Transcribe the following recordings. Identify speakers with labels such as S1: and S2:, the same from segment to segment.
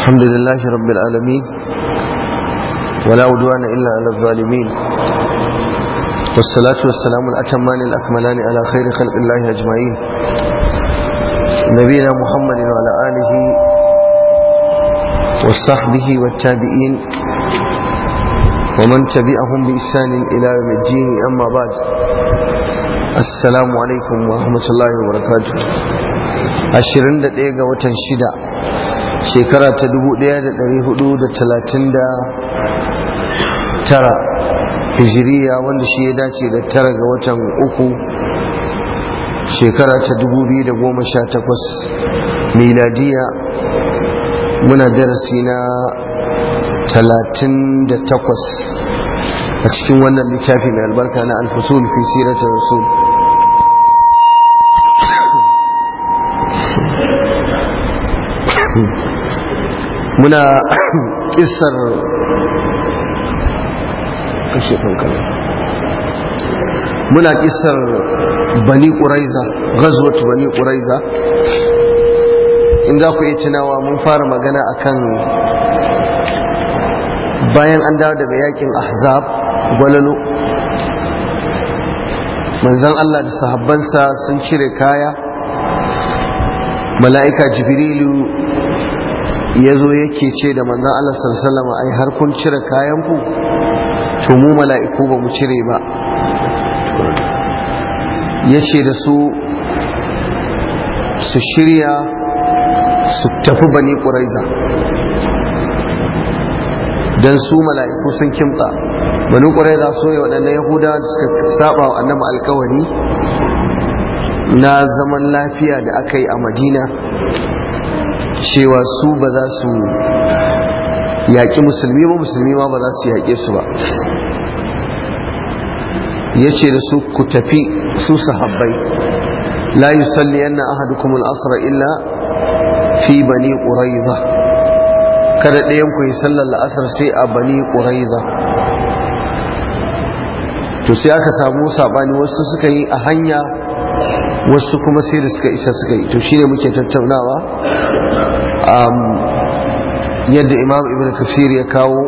S1: الحمد لله رب العالمين ولا عدوان إلا على الظالمين والصلاة والسلام الأتمان الأكملان على خير خلق الله أجمعين نبينا محمد وعلى آله وصحبه والتابعين ومن تبعهم بإحسان إلى يوم الدين أما بعد السلام عليكم ورحمة الله وبركاته 21 ga watan 6 shekara ta da tara. hijiriya wanda shi ya dace da tara ga watan uku shekara ta 2018 miladiya muna darasi na 38 a cikin wannan littafi mai albarka na alfasul fi siratar rasul muna kisar kashe kankan muna kisar bani ƙuraiza gazuwatu bani ƙuraiza in za ku iya tunawa mun fara magana akan bayan an dawo daga yakin ahzab gwalalo manzan allah da sahabbansa sun cire kaya mala'ika jibrilu ya zo yake ce da manzan Allah sallama ai har kun cire kayanku to mu mala'iku ba mu cire ba ya ce da su su shirya su tafi bani ƙuraiza don su mala'iku sun kimta bani ƙuraiza so yi waɗanda yahuda da suka saba wa annama alkawari na zaman lafiya da aka yi a madina cewa su ba za su yaƙi musulmi ba musulmi ma ba za su yaƙe su ba ya ce da su ku tafi su sahabbai la yusalli yana ahadukum al illa fi bani quraiza kada ɗayan ku yi sallar la'asar sai a bani quraiza to sai aka samu sabani wasu suka yi a hanya wasu kuma sai da suka isa suka yi to ne muke tattaunawa yadda imam ibn kafir ya kawo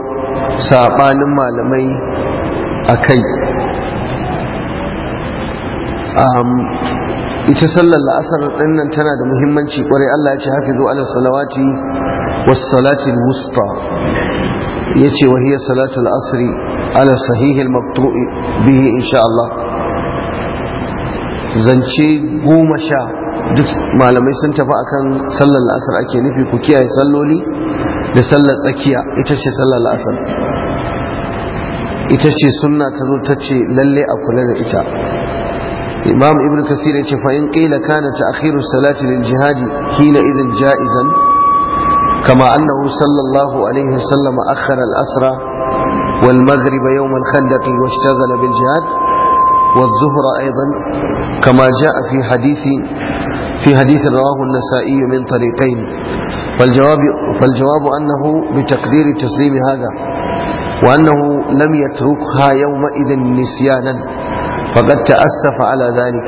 S1: saɓanin malamai a kai ita sallar la'asar ɗinnan tana da muhimmanci kwarai Allah ya ce hafizu ala salawati wasu salatin musta yace wa hiya salatu al-asr ala sahih al bihi insha Allah zance goma sha duk malamai sun tafi akan sallar la'asar ake nufi ku kiyaye salloli da sallar tsakiya ita ce sallar la'asar ita ce suna ta zo ta ce lalle a kula da ita imam ibn kasir ya ce fa in kana kana ta'khiru salati lil jihadi hina idin ja'izan kama annahu sallallahu alaihi wasallam akhara al asra wal maghrib yawm al khandaq washtaghala bil jihad والظهر أيضا كما جاء في حديث في حديث رواه النسائي من طريقين فالجواب, فالجواب أنه بتقدير تسليم هذا وأنه لم يتركها يومئذ نسيانا فقد تأسف على ذلك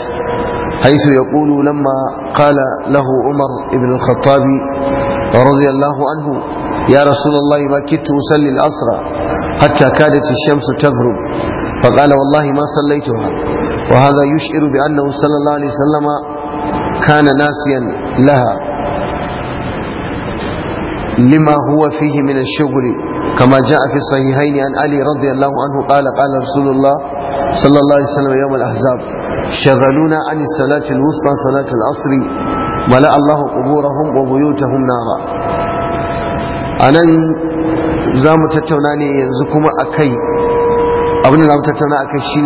S1: حيث يقول لما قال له عمر بن الخطاب رضي الله عنه يا رسول الله ما كدت أصلي العصر حتى كادت الشمس تغرب فقال والله ما صليتها وهذا يشعر بأنه صلى الله عليه وسلم kana nasiyan laha لما هو فيه من الشغل كما جاء في الصحيحين عن علي رضي الله عنه قال قال رسول الله صلى الله عليه وسلم يوم الأحزاب شغلونا عن الصلاة الوسطى صلاة العصر ملأ الله قبورهم وبيوتهم نارا أنا زام تتوناني ينزكم أكي أبن الله تتونا أكي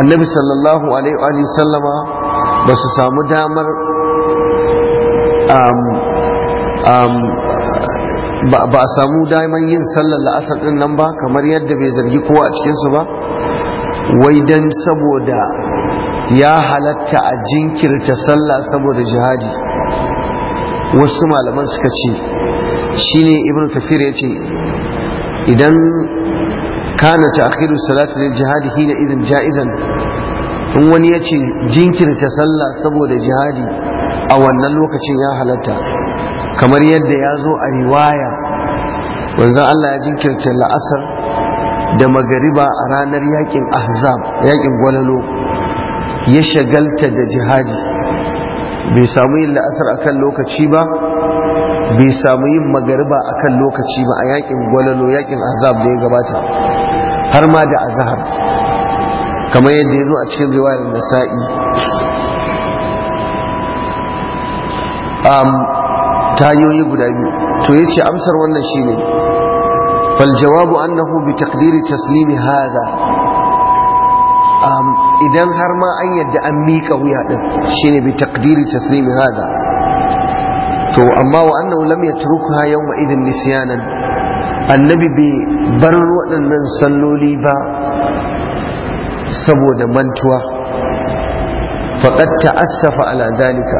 S1: النبي صلى الله عليه وآله وسلم ba su samu damar um, um, ba a samu daman yin sallar la'asar din nan ba kamar yadda bai zargi kowa a cikinsu ba wai don saboda ya halatta a jinkirta sallah saboda jihadi wasu malaman suka ce shi ne ibn kafir ya ce idan kana ta akhiru salatu lil jihadi hina idan ja'izan in wani ya ce jinkirta sallah saboda jihadi a wannan lokacin ya halatta kamar yadda ya zo a riwaya wanzan Allah ya jinkirta la'asar da magariba a ranar yakin ahzab yakin gwalalo ya shagalta da jihadi bai samu yin la'asar a kan lokaci ba bai samu yin magariba a kan lokaci ba a yakin gwalalo yakin ahzab da ya gabata har ma da azahar كما يدينو اتشين رواية النسائي أم تايو يبدا يبدا تويتي أمسر والنشين فالجواب أنه بتقدير تسليم هذا أم إذن هرما أن يد أميك ويأتشين بتقدير تسليم هذا تو أما وأنه لم يتركها يومئذ نسيانا النبي ببرر وأن ننسلوا لي بأ saboda mantuwa faqad ta'assafa ala dalika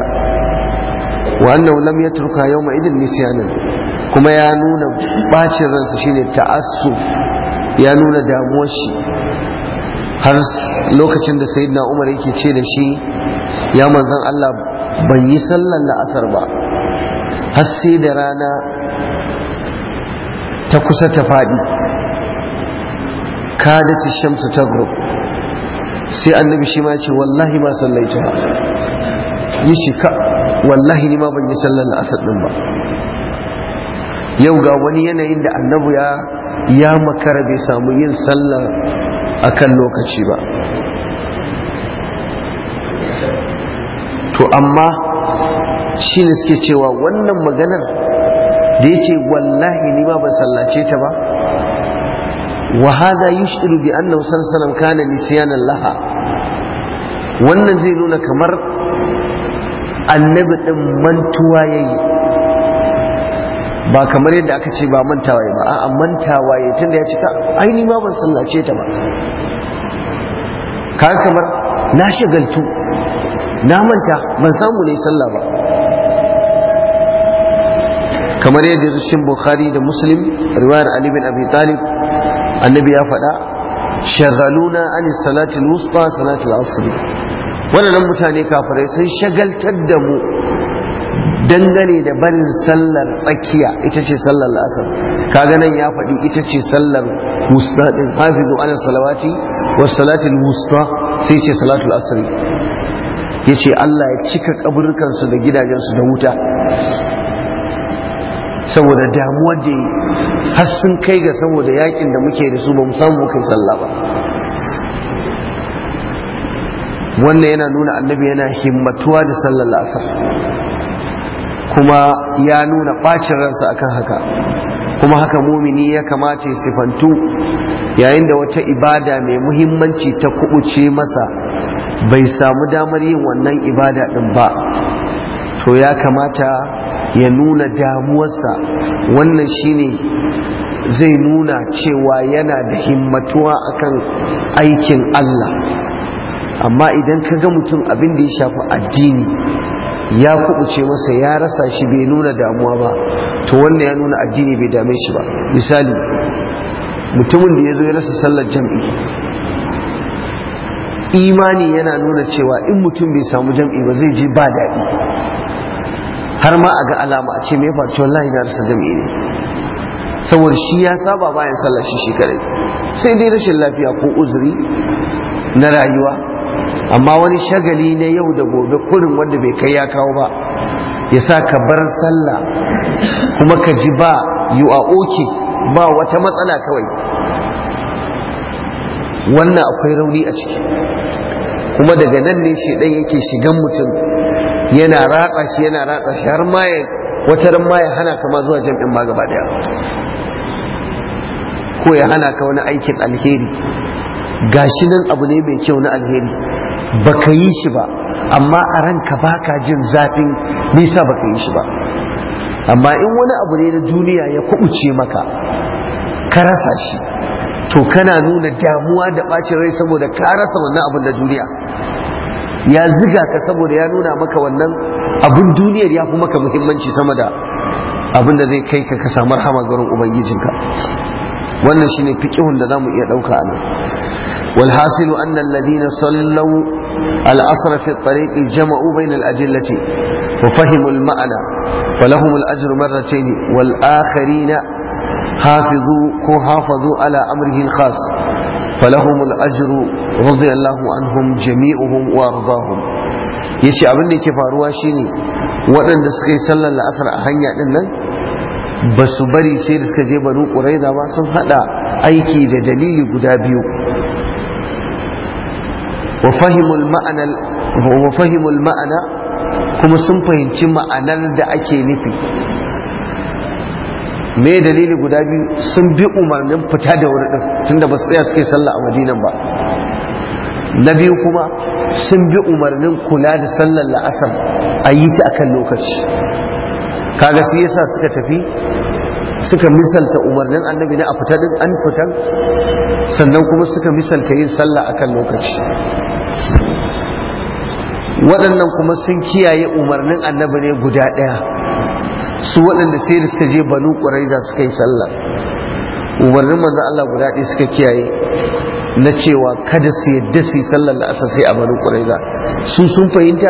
S1: wa annahu lam yatruka yawma idin nisyanan kuma ya nuna bacin ransa shine ta'assuf ya nuna damuwar shi har lokacin da sayidina umar yake ce da shi ya manzon Allah ban yi sallar la'asar ba har sai da rana ta kusa ta faɗi kadati shamsu ta group sai annabi shi ma ya ce wallahi ma sallaitu yi shi ka wallahi ni ma ban yi sallar asar din ba yau ga wani yanayin da annabu ya ya makara bai samu yin sallar a kan lokaci ba to amma shi ne suke cewa wannan maganar da ya ce wallahi ni ma ban sallace ta ba وهذا يشعر بأنه صلى الله كان نسيانا لها wannan zai nuna kamar annabi mantuwa yayi, ba kamar yadda aka ce ba mantawa ya ba a mantawa ya tun da ya cika aini ma ban sallace ta ba ka kamar na shagaltu na manta ban samu ne sallah ba kamar yadda rushin bukhari da muslim riwayar ali bin abi talib annabi ya faɗa shagaluna an salati wusta salati al-asr wannan mutane kafirai sun shagaltar da mu dangane da barin sallar tsakiya ita ce sallar asar kaga nan ya faɗi ita ce sallar wusta din hafizu ala salawati wa salati wusta sai ce salatul asr yace Allah ya cika kaburkansu da gidajensu da wuta saboda damuwar da yi har sun kai ga saboda yakin da muke da su ba mu samu kai sallah ba wannan yana nuna annabi yana himmatuwa da sallar la'asar kuma ya nuna ɓacin ransa akan haka kuma haka mumini ya kamata sifantu yayin da wata ibada mai muhimmanci ta kubuce masa bai samu damar yin wannan ibada ɗin ba to ya kamata ya nuna damuwarsa wannan shine zai nuna cewa yana da himmatuwa akan aikin Allah amma idan ka ga mutum abin da ya shafi addini ya kubuce masa ya rasa shi bai nuna damuwa ba to wannan ya nuna addini bai dame shi ba misali mutumin da ya zo ya rasa sallar jam'i imani yana nuna cewa in mutum bai samu jam'i ba zai ji ba daɗi har ma a ga alama a ce mai ya wallahi na rasa jami'i ne saboda shi ya saba bayan sallar shi shi sai dai rashin lafiya ko uzuri na rayuwa amma wani shagali na yau da gobe kurin wanda bai kai ya kawo ba ya sa ka bar sallah kuma ka ji ba you a oke ba wata matsala kawai wannan akwai rauni a ciki kuma daga nan ne shi yake shigan mutum yana ratsa shi yana ratsa shi har maye wata ran maye hana kama zuwa jam'in ma gaba daya ko ya hana ka wani aikin alheri gashi nan abu ne mai kyau na alheri baka yi shi ba amma a ranka baka jin zafin nisa baka yi shi ba amma in wani abu ne na duniya ya kubuce maka ka rasa shi to kana nuna damuwa da ɓacin rai saboda ka rasa wannan abin na duniya ya ziga ka saboda ya nuna maka wannan abin duniyar ya fi maka muhimmanci sama da abin da zai kai ka ka samu rahama garin ubangijinka wannan shine fiqhun da zamu iya dauka anan wal hasilu anna alladhina sallaw al asr fi at-tariq jama'u bayna al ajillati wa fahimu al ma'na falahum al ajru marratayn wal akharina hafizu ko hafazu ala amrihi khas falahum al-ajr radiyallahu anhum jami'uhum wa ardahum yace abin da yake faruwa shine waɗanda suka yi sallar la'asar a hanya din nan ba su bari sai da suka je banu ƙuraiza ba sun haɗa aiki da dalili guda biyu wa fahimul ma'ana kuma sun fahimci ma'anar da ake nufi me dalili guda biyu sun bi umarnin fita da wuri din tunda ba su tsaya suke sallah a madinan ba na biyu kuma sun bi umarnin kula da sallar la'asar a yi ta akan lokaci kaga su yasa suka tafi suka misalta umarnin annabi na a fita din an fitan sannan kuma suka misalta yin sallah akan lokaci waɗannan kuma sun kiyaye umarnin annabi ne guda ɗaya su waɗanda sai da suka je banu za suka yi sallah umarnin manzo Allah guda ɗaya suka kiyaye na cewa kada su yadda su yi sallar la'asar sai a banu ƙuraiza su sun fahimta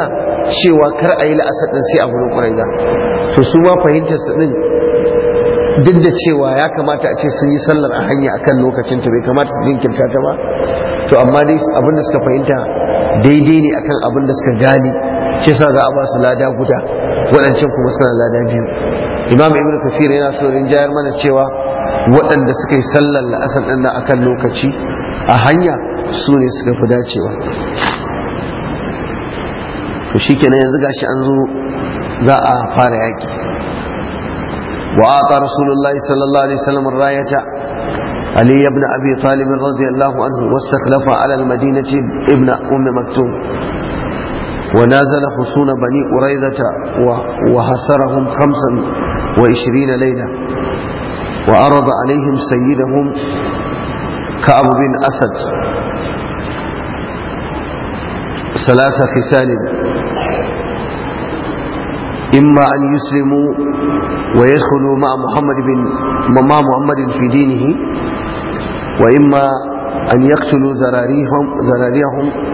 S1: cewa kar a yi la'asar ɗin sai a banu to su ma fahimtar su ɗin duk da cewa ya kamata a ce sun yi sallar a hanya akan lokacin ta bai kamata su jinkirta ta ba to amma dai abin da suka fahimta daidai ne akan abin da suka gani, shi sa za a ba su lada guda waɗancan kuma suna lada biyu imam ibn kasir yana so rinjayar mana cewa waɗanda suka yi sallar la'asar ɗin akan lokaci a hanya su ne suka fi dacewa to shi kenan yanzu gashi an zo za a fara yaƙi wa ata rasulullahi sallallahu alaihi wasallam rayata علي بن أبي طالب رضي الله عنه واستخلف على المدينة ابن أم مكتوم ونازل حصون بني قريظة وحسرهم خمسا وعشرين ليلة وعرض عليهم سيدهم كعب بن أسد ثلاث خسال إما أن يسلموا ويدخلوا مع محمد بن مع محمد في دينه وإما أن يقتلوا ذراريهم ذراريهم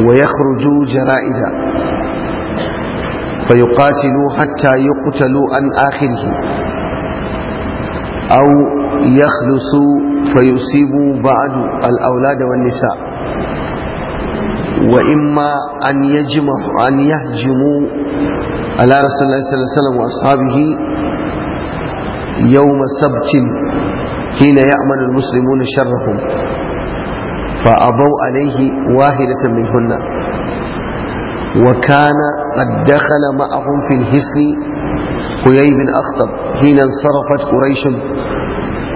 S1: ويخرجوا جرائدا فيقاتلوا حتى يقتلوا عن آخره أو يخلصوا فيصيبوا بعض الأولاد والنساء وإما أن يجمعوا أن يهجموا على رسول الله صلى الله عليه وسلم وأصحابه يوم سبت حين يأمن المسلمون شرهم فأبوا عليه واحدة منهن وكان قد دخل معهم في الهسن حيي بن أخطب حين انصرفت قريش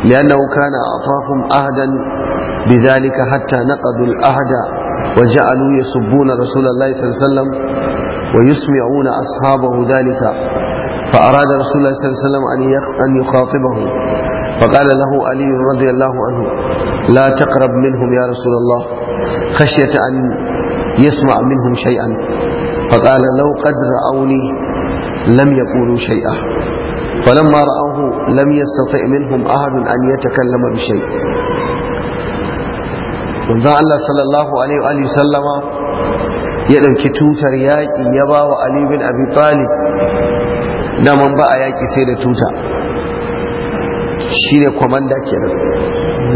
S1: لأنه كان أعطاهم أهدا بذلك حتى نقضوا الأهد وجعلوا يسبون رسول الله صلى الله عليه وسلم ويسمعون أصحابه ذلك فأراد رسول الله صلى الله عليه وسلم أن يخاطبه فقال له علي رضي الله عنه لا تقرب منهم يا رسول الله خشية أن يسمع منهم شيئا فقال لو قد رأوني لم يقولوا شيئا فلما رأوه لم يستطع منهم أحد أن يتكلم بشيء من ذا الله صلى الله عليه وآله وسلم ya ɗauki tutar yaƙi ya ba wa Ali bin Abi Talib da man ba a yaƙi sai da tuta shine komanda kenan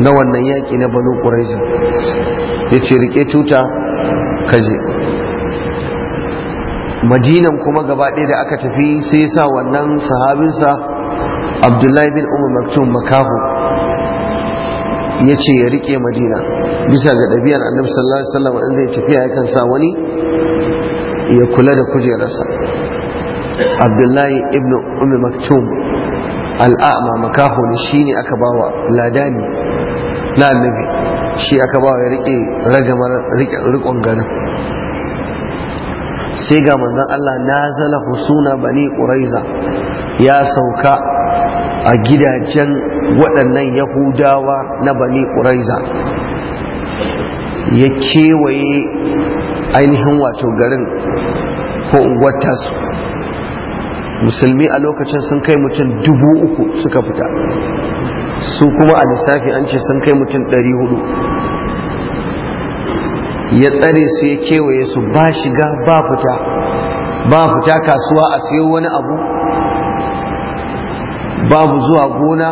S1: na wannan yaƙi na banu ƙuraiza ya ce rike tuta kaje madinan kuma gaba ɗaya da aka tafi sai sa wannan sahabinsa abdullahi bin umar maktum makahu ya ce ya rike madina bisa ga ɗabi'ar annabi sallallahu alaihi wasallam in zai tafiya yakan sa wani ya kula da kujerarsa abdullahi ibn umar maktum al'a'ma makaho ne shi ne aka bawa ladani na annabi shi aka bawa ya rike ragamar rikon garin sai ga manzan Allah na zala husuna bani ƙuraiza, ya sauka a gidajen waɗannan yahudawa na bani ƙuraiza, ya kewaye ainihin wato garin ko unguwar tasu musulmi a lokacin sun kai mutum dubu uku suka fita su kuma a lissafi an ce sun kai mutum ɗari hudu ya tsare su ya kewaye su ba shiga ba fita ba fita kasuwa a siyo wani abu babu zuwa gona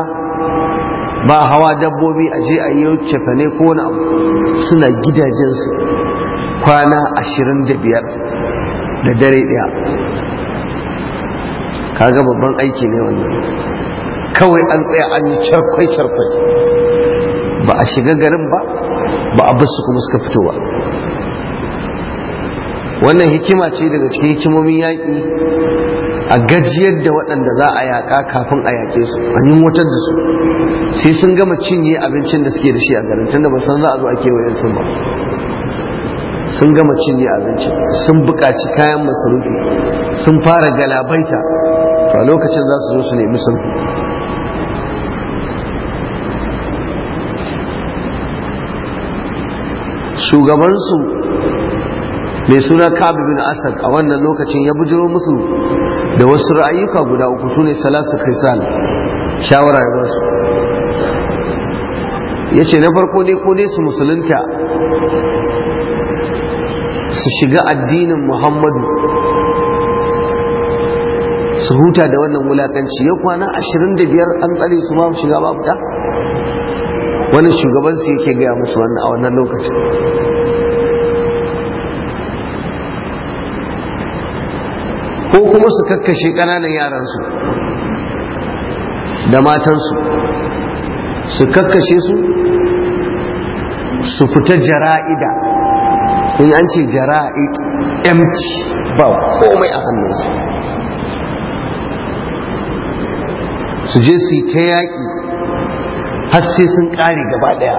S1: ba hawa dabbobi a je a yi cefane ko wani abu suna gidajensu kwana ashirin da biyar da dare daya. kaga babban aiki ne wannan kawai an tsaya an yi charkwai charkwai ba a shiga garin ba ba a basu kuma suka fito ba wannan hikima ce daga cikin hikimomin yaƙi a gajiyar da waɗanda za a yaƙa kafin a yaƙe su a yunwatar da su sai sun gama cinye abincin da suke da shi a garin tunda ba san za a zo a kewayen sun ba sun gama cinye abincin sun buƙaci kayan masarufi sun fara galabaita a lokacin za su zo su nemi sun shugabansu mai suna kabi bin asad a wannan lokacin ya bujiro musu da wasu ra'ayyuka guda uku su ne salasu kristal shawara ya basu ya ce na farko ne ko ne su musulunta su shiga addinin muhammadu su huta da wannan wulakanci ya kwana 25 an tsare su su shiga ba fita wani shugaban su yake gaya musu wannan a wannan lokacin ko kuma su kakkashe ƙananan yaransu da matansu su kakkashe su su fita jara'ida in an ce jara'id empty ba komai a hannunsu su je su ta yaƙi har sai sun ƙare gaba ɗaya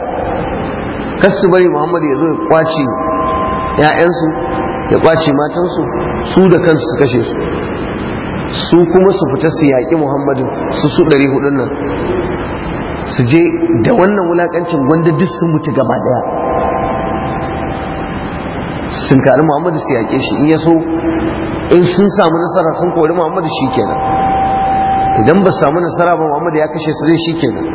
S1: kar su bari muhammad ya zo ya kwace ‘ya'yansu ya kwace matansu su da kansu su kashe su su kuma su fita su yaƙi muhammadu su su ɗari hudun nan su je da wannan wulaƙancin gwanda duk sun mutu gaba ɗaya sun kari muhammadu su yaƙe shi in ya so in sun samu nasara sun kori muhammadu shi kenan idan ba samu nasara ba muhammad ya kashe su zai shi kenan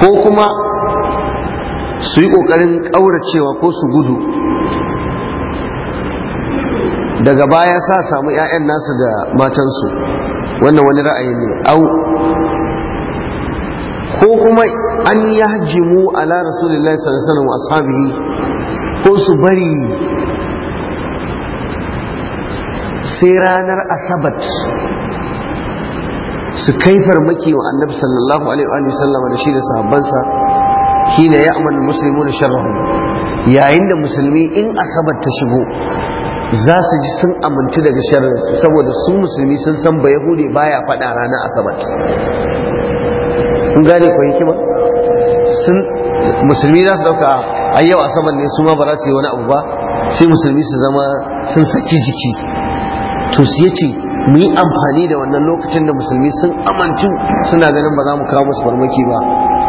S1: ko kuma su yi ƙoƙarin ƙauracewa ko su gudu daga baya sa samu 'ya'yan nasu da matansu wannan wani ra'ayi ne au ko kuma an yi yahjimu ala rasulullah sallallahu alaihi wasallam ashabihi ko su bari sai ranar asabat su kaifar maki wa annabi sallallahu alaihi wa sallama da shi da sahabbansa ne ya amana musulmi da sharrahu yayin da musulmi in asabar ta shigo za su ji sun amintu daga sharrinsu saboda su musulmi sun san ba yahudi baya faɗa ranar asabar kun gane ko hikima sun musulmi za su ɗauka ai yau asabar ne su ma ba za su yi wani abu ba sai musulmi su zama sun saki jiki to su ya ce mu yi amfani da wannan lokacin da musulmi sun amantu suna ganin ba za mu kawo musu farmaki ba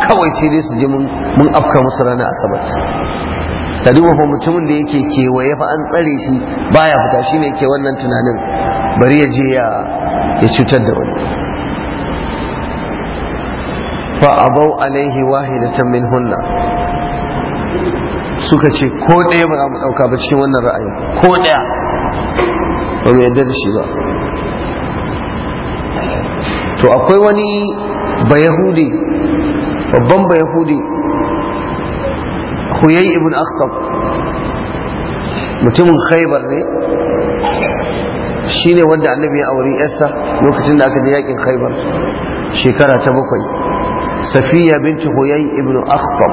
S1: kawai sai dai su ji mun afka musu ranar asabar da duba fa mutumin da yake kewaye fa an tsare shi baya fita shi ne ke wannan tunanin bari ya je ya cutar da wani fa abau alaihi wahidatan hunna. suka ce ko ɗaya ba za mu ɗauka ba cikin wannan ra'ayi ko ɗaya ba mu yarda da shi ba to akwai wani bayahudi babban bayahudi huyai ibn akhtab mutumin khaibar ne shine wanda annabi ya auri yarsa lokacin da aka je yakin khaibar shekara ta bakwai safiya binci huyai ibn akhtab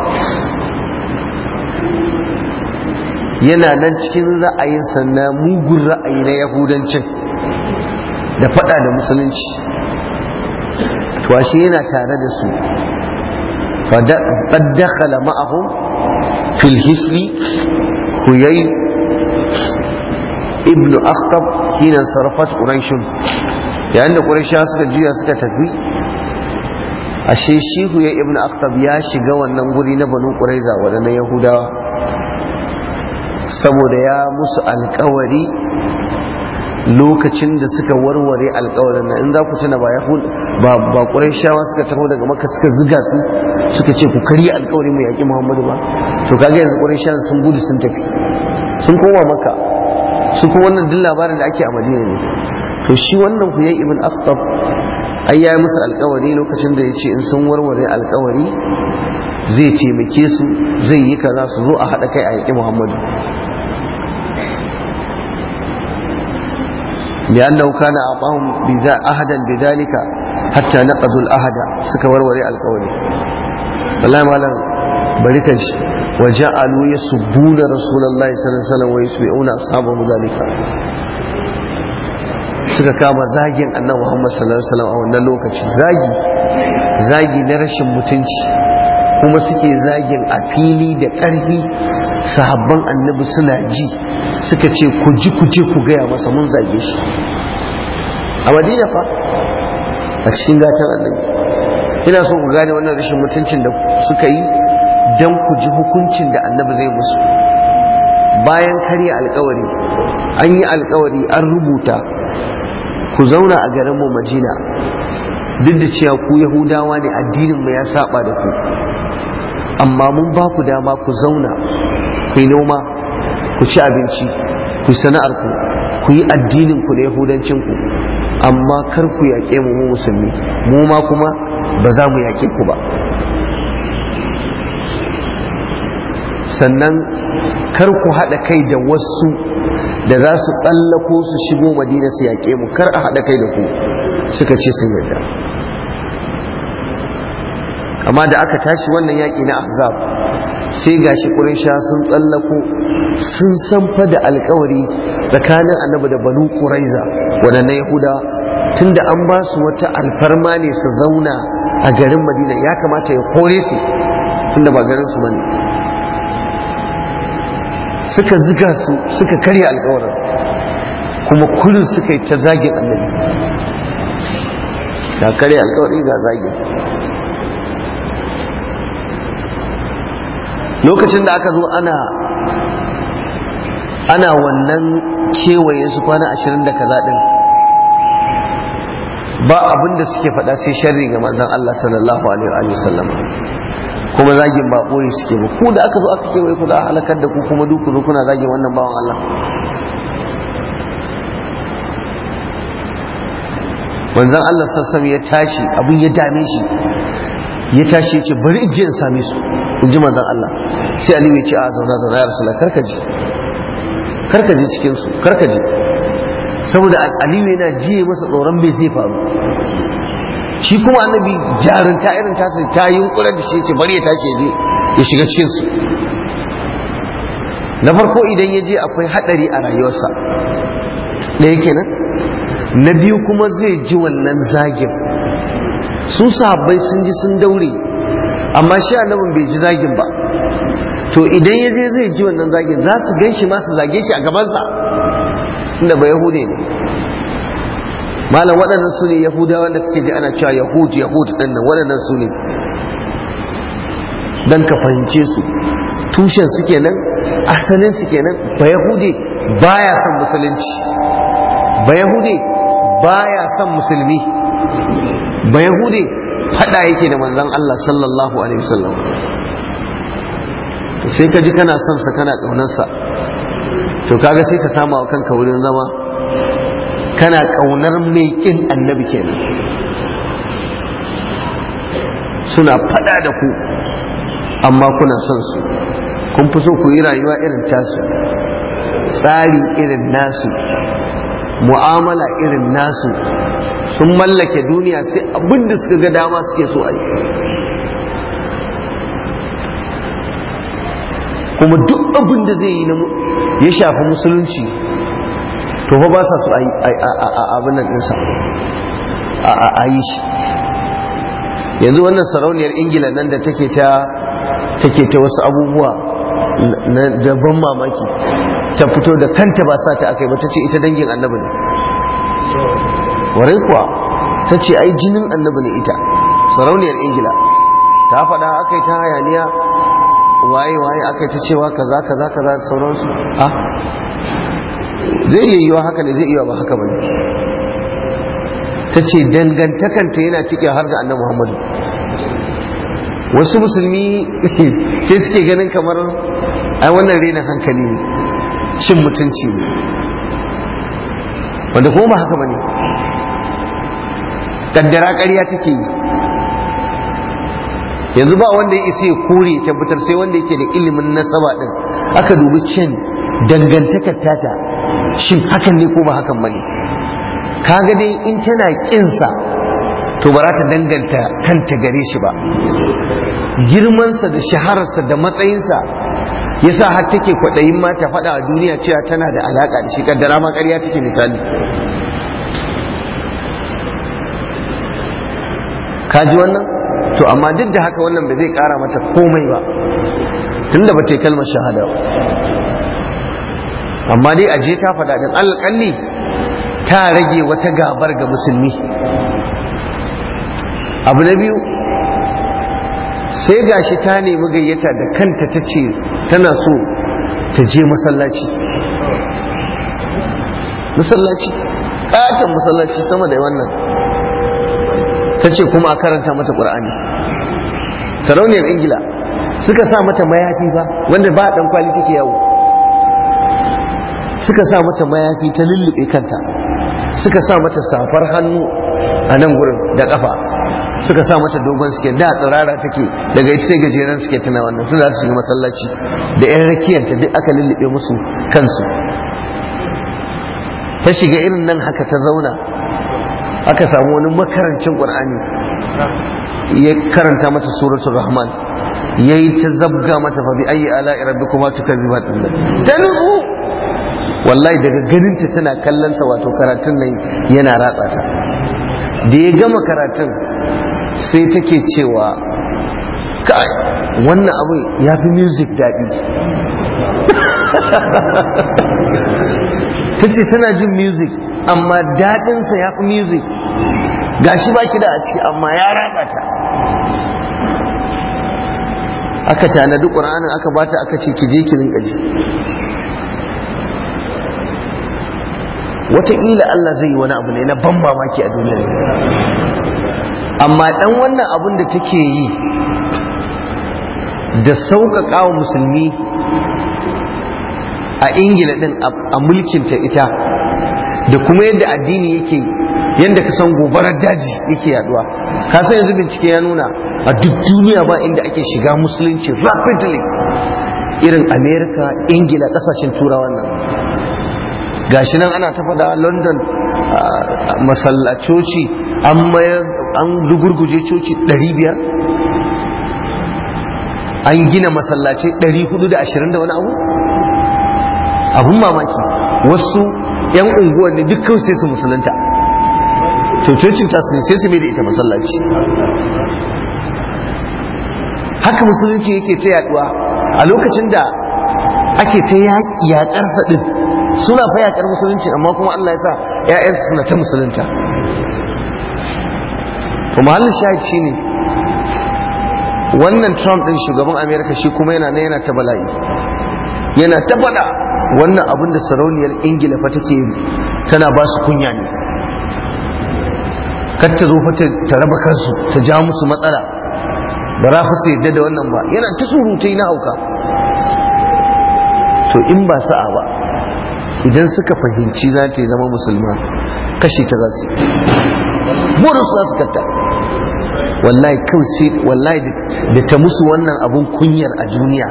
S1: yana nan cikin ra'ayin sannan mugun ra'ayi na yahudancin da fada da musulunci to yana tare da su fadda kala ma'ahum fil hisri huyay ibnu akhtab hina sarafat ƙuranshin yayin da quraisha suka juya suka tafi ashe shi huyay ibnu akhtab ya shiga wannan guri na banu ƙuraiza wadannan yahudawa saboda ya musu alkawari lokacin da suka warware alkawarin nan in za ku tuna ba ba ba shawa suka taho daga maka suka ziga su suka ce ku kari alkawari mu yaki muhammadu ba to kaga yanzu qurayshawa sun gudu sun tafi sun koma maka su kuma wannan duk labarin da ake a madina ne to shi wannan ku yayi ibn aftab ai yayi musu alkawari lokacin da yace in sun warware alkawari zai taimake su zai yi kaza su zo a haɗa kai a yaƙi muhammadu لأنه كان أعطاهم أحدا بذلك حتى نقضوا الأحد سكور وري القول والله ما لن بريكش وجعلوا يسبون رسول الله صلى الله عليه وسلم ويسبعون أصحابه ذلك suka kama zagin annan Muhammad sallallahu a wannan lokaci zagi zagi na rashin mutunci kuma suke zagin a fili da ƙarfi sahabban annabi suna ji suka ce ku ji ku je ku gaya masa mun zage shi a madina fa a cikin gatan annabi ina so ku gane wannan rashin mutuncin da suka yi don ku ji hukuncin da annabi zai musu bayan karya alkawari an yi alkawari an rubuta ku zauna a garinmu majina duk da cewa ku yahudawa ne addinin mu ya saba da ku amma mun ba ku dama ku zauna ku yi noma ku ci abinci ku yi sana'ar ku ku yi addinin ku da yahudancin ku amma kar ku yaƙe mu mu musulmi mu ma kuma ba za mu yaƙe ku ba sannan kar ku haɗa kai da wasu da za su tsallako su shigo madina su yaƙe mu kar a haɗa kai da ku suka ce sun yarda amma da aka tashi wannan yaƙi na ahzab sai gashi sha sun tsallako sun san fa da alƙawari tsakanin annabi da banu quraiza wadannan yahuda tunda an ba su wata alfarma ne su zauna a garin madina ya kamata ya kore su tunda ba garin su bane suka zuga su suka karya alƙawarin kuma kullum suka yi ta zagin annabi ga karya alƙawari ga zagin lokacin da aka zo ana ana wannan kewaye su kwana ashirin da kaza din ba abin da suke faɗa sai sharri ga manzon Allah sallallahu alaihi wa kuma zagin ba ɓoye suke ba ku da aka zo aka kewaye ku da halakar da ku kuma duk kuna zagin wannan bawan Allah manzon Allah sassan ya tashi abin ya dame shi ya tashi ya ce bari ijiyar je same su in ji manzan Allah sai Aliyu ya ce a zauna zauna ya rasu karkaji karkaji cikinsu karkaji saboda Aliyu yana jiye masa tsoron bai zai faru shi kuma annabi jarinta irin tasu ta yi yunkura da shi ce bari ya tashi ya je ya shiga cikinsu. na farko idan ya je akwai hadari a rayuwarsa ɗaya kenan na biyu kuma zai ji wannan zagin su sahabbai sun ji sun daure amma shi annabin bai ji zagin ba to idan ya je zai ji wannan zagin za su gan shi masu su zage shi a gabansa inda ba yahude ne malam waɗannan su ne yahudawa da kake ji ana cewa yahud yahud nan, waɗannan su ne don ka fahimce su tushen su kenan asalin su kenan ba yahude baya son musulunci ba yahude baya son musulmi ba yahude hada yake da manzan Allah sallallahu alaihi wasallam to sai ka ji kana son sa kana kaunarsa to kaga sai ka sama wa kanka wurin zama kana kaunar mai kin annabi kenan suna fada da ku amma kuna son su kun fi so ku yi rayuwa irin tasu tsari irin nasu mu'amala irin nasu sun mallake duniya sai abin da suka ga dama suke so a yi kuma duk abin zai yi ya shafi musulunci to fa ba sa su abin nan ɗinsa a yi shi yanzu wannan sarauniyar ingila nan da take ta take ta wasu abubuwa na daban mamaki ta fito da kanta ba sa ta aka yi ba ta ce ita dangin annabi ne warai kuwa ta ce ai jinin annabi ne ita sarauniyar ingila ta faɗa aka yi ta hayaniya waye waye aka yi ta cewa kaza kaza kaza sauransu a ah, zai iya yiwa haka ne zai iya ba haka bane ta ce dangantakanta yana cike har da annabi muhammadu wasu musulmi sai suke ganin kamar ai wannan rena hankali ne cin mutunci ne wanda kuma ba haka bane kaddara ƙarya take yi yanzu ba wanda ya isa ya kore tabbatar sai wanda yake da ilimin nasaba din aka dubi cin dangantakar tata shin hakan ne ko ba hakan bane kaga dai in tana kinsa to ba za ta danganta kanta gare shi ba girmansa da shahararsa da matsayinsa sa har take kwaɗayin ma ta faɗa a duniya cewa tana da alaƙa da shi kaddara ma ƙarya take misali Kaji wannan to amma duk da haka wannan ba zai kara mata komai ba tunda bata yi kalmar shahada ba amma dai a je ta faɗa ɗin alƙalli ta rage wata gabar ga musulmi abu na biyu sai gashi ta nemi gayyata da kanta ta ce tana so ta je masallaci masallaci ƙaton masallaci sama da wannan ta ce kuma a karanta mata ƙura'ani sarauniyar ingila suka sa mata mayafi ba wanda ba dan kwali take yawo suka sa mata mayafi ta lullube kanta suka sa mata safar hannu a nan gurin da kafa suka sa mata dogon suke da tsirara take daga ita sai gajeren suke tana wannan za su shiga masallaci da yan rakiyanta duk aka lullube musu kansu ta shiga irin nan haka ta zauna aka samu wani makarancin qur'ani ya karanta mata suratul rahman ya yi ta zabga mata fabi ayi ala rabbikuma tukazibat ta nufu wallahi daga ganinta tana kallon sa wato karatun nan yana ratsa ta da ya gama karatun sai take cewa kai wannan abin ya fi music daɗi ta ce tana jin music amma daɗinsa ya fi music gashi ba da a ciki amma ya raba ta aka tanadi ƙur'anin aka bata aka ce ki je ki rinka ji wataƙila Allah zai yi wani abu ne na ban mamaki a duniya amma ɗan wannan abun da take yi da sauƙaƙa wa musulmi a ingila din a mulkin ta ita da kuma yadda addini yake yadda ka san gobarar daji yake yaduwa ka san yanzu bincike ya nuna a duk duniya ba inda ake shiga musulunci rapidly irin america ingila kasashen turawa nan gashi nan ana ta fada london masallacoci an mayar an rugurguje coci 500 an gina masallace 420 da wani abu abun mamaki wasu yan unguwar ne dukkan sai su musulunta to cocin ta sun sai su mai da ita masallaci haka musulunci yake ta yaduwa a lokacin da ake ta yakar saɗin suna fa yakar musulunci amma kuma Allah ya sa ƴaƴansu suna ta musulunta kuma halin shahid ne, wannan Trump ɗin shugaban Amerika shi kuma yana yana ta bala'i yana ta wannan abin da sarauniyar ingila fa take tana ba su kunya ne kar ta zo fata ta raba kansu ta ja musu matsala ba za fi su yadda da wannan ba yana ta surutai na hauka to in ba sa'a ba idan suka fahimci za ta zama musulma kashe ta za su burin su za su katta wallahi kawai wallahi da ta musu wannan abun kunyar a duniya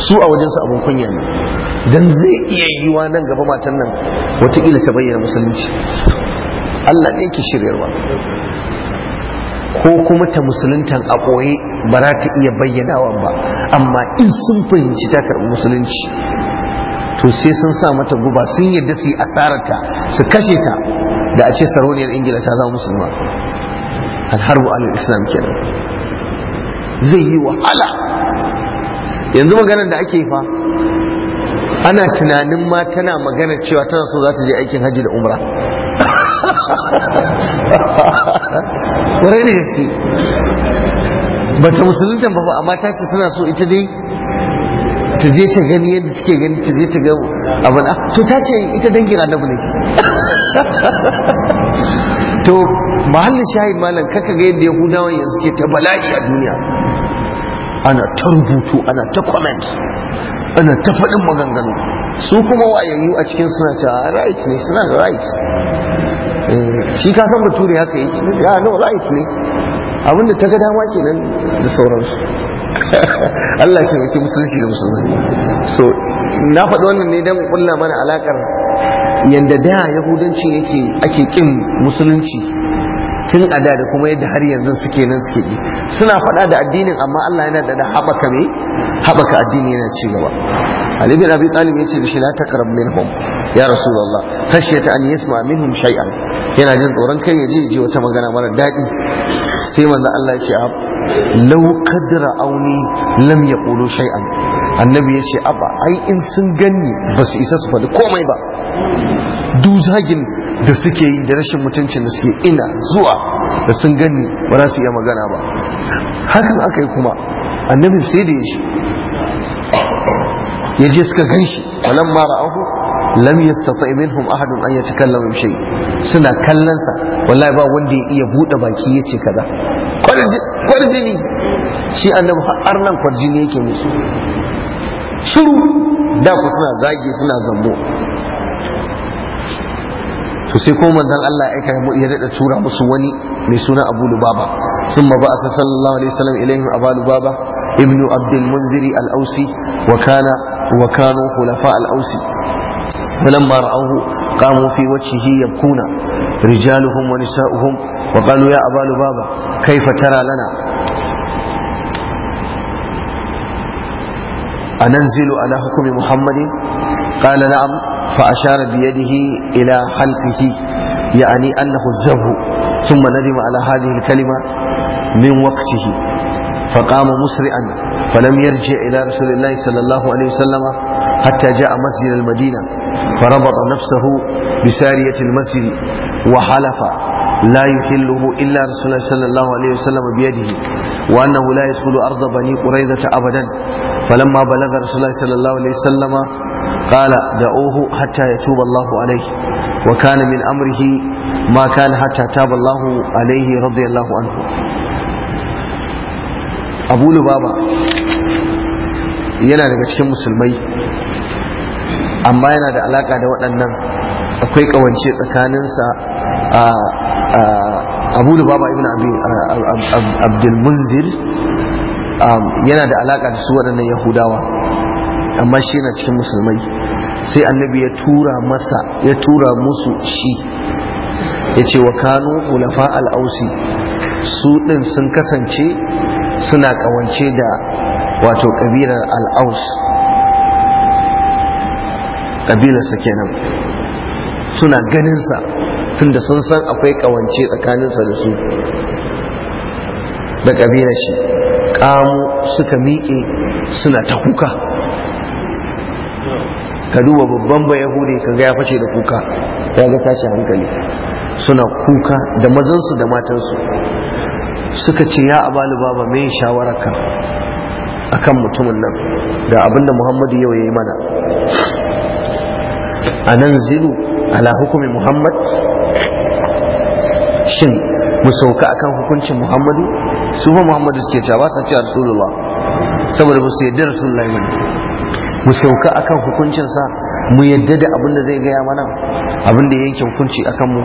S1: su a wajensu abun kunya ne dan zai iya yiwa nan gaba matan nan wataƙila ta bayyana musulunci Allah ne yake shiryarwa ko kuma ta musuluntan a ɓoye ba za ta iya bayyanawa ba amma in sun fahimci ta karɓi musulunci to sai sun sa mata guba sun yadda su yi asararta su kashe ta da a ce sarauniyar ingila ta zama musulma alharbu al islam kenan zai yi wahala yanzu maganar da ake fa ana tunanin ma tana magana cewa tana so za ta je aikin hajji da umra ƙwarai da gaske ba ta musulunta ba ba amma ta ce tana so ita dai ta je ta gani yadda suke gani ta je ta ga abin ah, to ta ce ita dangin annabi ne to mahallin shahid malam kaka ga yadda yahudawan yanzu suke ta bala'i a duniya ana ta rubutu ana ta comment ana ta faɗin maganganu su kuma wayayyu a cikin suna ta right ne suna da right eh, shi ka san bature haka yake ya ah, no right ne abinda ta ga dama kenan da sauransu Allah ce muke musulunci da musulunci. so na faɗi wannan ne don kulla mana alaƙar yadda da yahudanci yake ake ƙin musulunci tun a da kuma yadda har yanzu suke nan suke yi suna faɗa da addinin amma Allah yana da haɓaka ne haɓaka addini yana ci gaba Ali bin Abi Talib ce da shi la taqrab minhum ya Rasulullah khashiyata an yasma minhum shay'an yana jin tsoron kai ya je ji wata magana mara daɗi sai manzo Allah ya ce law qadra auni lam yaqulu shay'an annabi ya ce abba ai in sun ganni ba su isa su faɗi komai ba duzagin da suke yi da rashin mutuncin da suke ina zuwa da sun gani ba za su iya magana ba hakan aka yi kuma annabin sai da ya shi ya je suka gan shi walan mara ahu lam yastati minhum ahadun an yatakallama bi shay suna kallon sa wallahi ba wanda ya iya buɗe baki yace kaza kwarjini shi annabi har nan kwarjini yake musu shiru da ku suna zagi suna zambo to sai kuma manzon Allah ya aika ya dada tura musu wani mai suna Abu Lubaba thumma ba'atha sallallahu alaihi wasallam ilaihim Abu Lubaba ibnu Abdul Munziri al-Ausi wa kana wa kanu khulafa al-Ausi فلما رأوه قاموا في وجهه يبكون رجالهم ونساؤهم وقالوا يا أبا لبابة كيف ترى لنا أننزل على حكم محمد قال نعم فأشار بيده إلى حلقه يعني أنه الذبح ثم ندم على هذه الكلمة من وقته فقام مسرعا فلم يرجع إلى رسول الله صلى الله عليه وسلم حتى جاء مسجد المدينة فربط نفسه بسارية المسجد وحلف لا يحله إلا رسول الله صلى الله عليه وسلم بيده وأنه لا يدخل أرض بني قريظة أبدا فلما بلغ رسول الله صلى الله عليه وسلم قال دعوه حتى يتوب الله عليه وكان من أمره ما كان حتى تاب الله عليه رضي الله عنه أبو لبابا yana daga cikin musulmai amma yana da alaka da waɗannan akwai ƙawance tsakaninsa abu da baba ibn abdulmunzir yana da alaka da su waɗannan yahudawa amma shi yana cikin musulmai sai annabi ya tura masa ya tura musu shi ya ce wa kanu ulafa al'ausi su ɗin sun kasance suna ƙawance da wato ƙabilar al'aus ƙabilarsa kenan suna ganinsa tunda sun san akwai ƙawance tsakaninsa da su da ƙabilar shi ƙamu suka miƙe suna ta kuka ka duba babban bayahudi yahudi ka ga ya fashe da kuka ya ga tashi hankali suna kuka da mazansu da matansu suka ce ya abalu baba mai shawararka akan mutumin nan da abinda muhammadu yau ya yi mana a nan zilu ala hukumin muhammad shin mu sauka akan hukuncin muhammadu su fa muhammadu suke cewa sa ce rasulullah saboda ba su yarda rasulullahi bane mu sauka akan hukuncinsa mu yadda da abin da zai gaya mana abin da yanke hukunci akan mu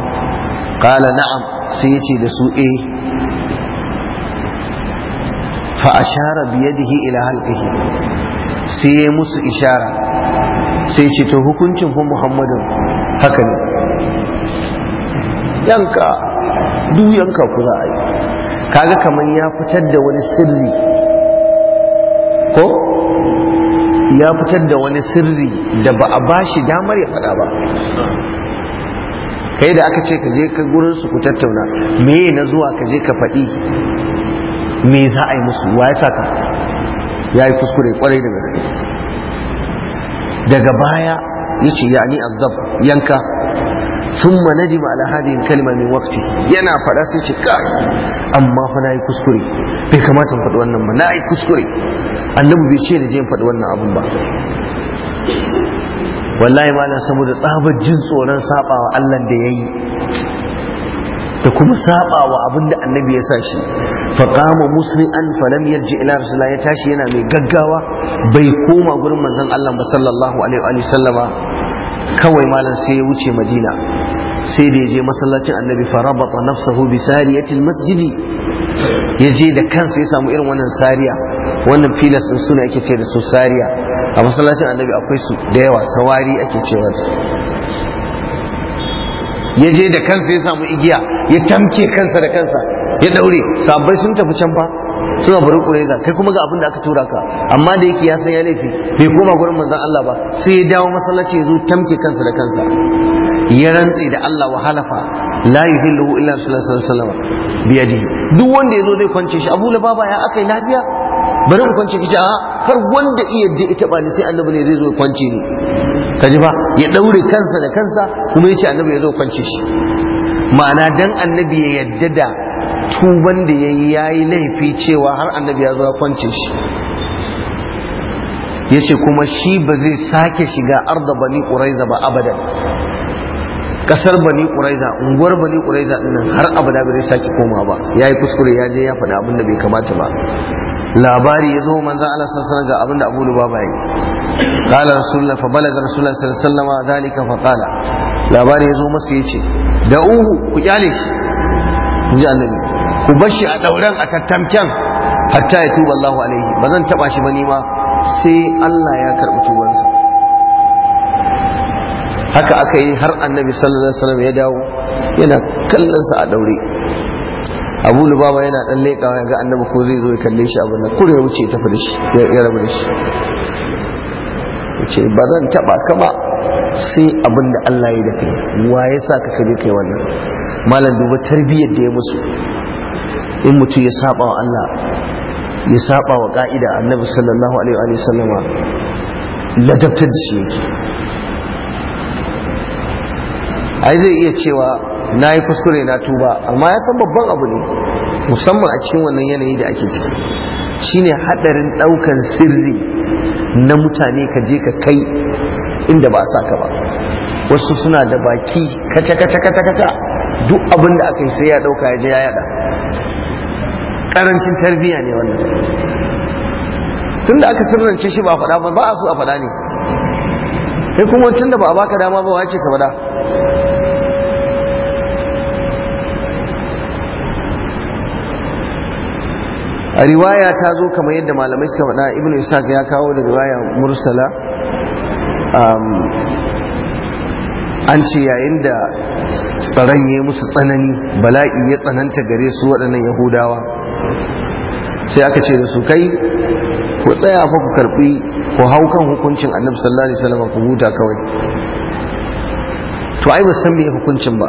S1: qala na'am sai ya ce da su eh fa ashara bi yadihi ila halqihi sai ya musu ishara sai ce to hukuncin ku muhammadin haka ne yanka duk yanka ku za a yi kaga kamar ya fitar da wani sirri ko ya fitar da wani sirri da ba a bashi damar ya faɗa ba kai da aka ce ka je ka gurin su ku tattauna me na zuwa ka je ka faɗi me za a yi musu wa ya saka ya yi kuskure kwarai da gaske daga baya ya ce ya ni azab yanka sun manadi ma alhadin kalma min wakti yana faɗa sai ce ka amma fa na yi kuskure bai kamata mu faɗi wannan ba na yi kuskure annabi bai ce da je faɗi wannan abun ba wallahi malam saboda tsabar jin tsoron sabawa Allah da yayi da kuma sabawa da annabi ya sa shi fa qama musri'an falam yarji ila rasulillah ya tashi yana mai gaggawa bai koma gurin manzon Allah ba sallallahu alaihi wa sallama kawai malam sai ya wuce Madina sai da ya je masallacin annabi fa rabata nafsahu bi sariyatil masjidi ya je da kansa ya samu irin wannan sariya wannan filas din suna ake ce da su sariya a masallacin annabi akwai su da yawa sawari ake cewa da ya je da kansa ya samu igiya ya tamke kansa da kansa ya daure sabai sun tafi can fa suna bari ga kai kuma ga abin da aka tura ka amma da yake ya san ya laifi bai koma gurin manzon Allah ba sai ya dawo masallaci ya zo tamke kansa da kansa ya rantse da Allah wa halafa la yuhillu illa sallallahu alaihi wasallam biyadi duk wanda ya zo zai kwance shi abu baba ya aka yi lafiya bari in kwance ki a kar wanda iya da ita ba ni sai annabi ne zai zo kwance ni ji ba ya daure kansa da kansa kuma yace annabi ya zo kwance shi ma'ana dan annabi ya yadda da tuban da yayi yayi laifi cewa har annabi ya zo ya kwance shi yace kuma shi ba zai sake shiga arda bani quraiza ba abadan kasar bani ƙuraiza unguwar bani ƙuraiza ɗin har da bai sake koma ba ya yi kuskure ya je ya faɗi abin da bai kamata ba labari ya zo manzan ala sallallahu ga abin da Abu Lubaba yi qala rasulullah fa balaga rasulullah sallallahu alaihi wasallam fa qala labari ya zo masa ce da uhu ku kyale shi ji annabi ku bar shi a ɗauren a tattamken hatta ya tuba Allahu alaihi ba zan taɓa shi ba ni ma sai Allah ya karɓi tubansa haka aka yi har annabi sallallahu alaihi wasallam ya dawo yana kallon sa a daure abu lubaba yana dan lekawa ya ga annabi ko zai zo ya kalle shi abin nan kure ya wuce ta fadi shi ya rabu da shi ce ba zan taba ka ba sai abin da Allah ya da wa ya sa ka kaje kai wannan malam duba tarbiyyar da ya musu in mutum ya saba wa Allah ya saba wa ka'ida annabi sallallahu alaihi wa sallama ladabtar da shi yake ai zai iya cewa na yi kuskure na tuba amma ya san babban abu ne musamman a cikin wannan yanayi da ake ciki shine hadarin daukan sirri na mutane ka je ka kai inda ba sa ka ba wasu suna da baki kaca kaca kaca kaca duk abin da aka yi sai ya dauka ya je ya yada karancin tarbiyya ne wannan tunda aka sirrance shi ba faɗa ba ba a so a faɗa ne kai kuma tunda ba a baka dama ba wace ka faɗa riwaya ta zo kamar yadda malamai suka faɗa ibn ishaq ya kawo da riwaya mursala an ce yayin da tsaron ya yi musu tsanani bala'i ya tsananta gare su waɗannan yahudawa sai aka ce da su kai ku tsaya fa ku karɓi ku hau kan hukuncin annabi sallallahu alaihi ku huta kawai to ai ba san me hukuncin ba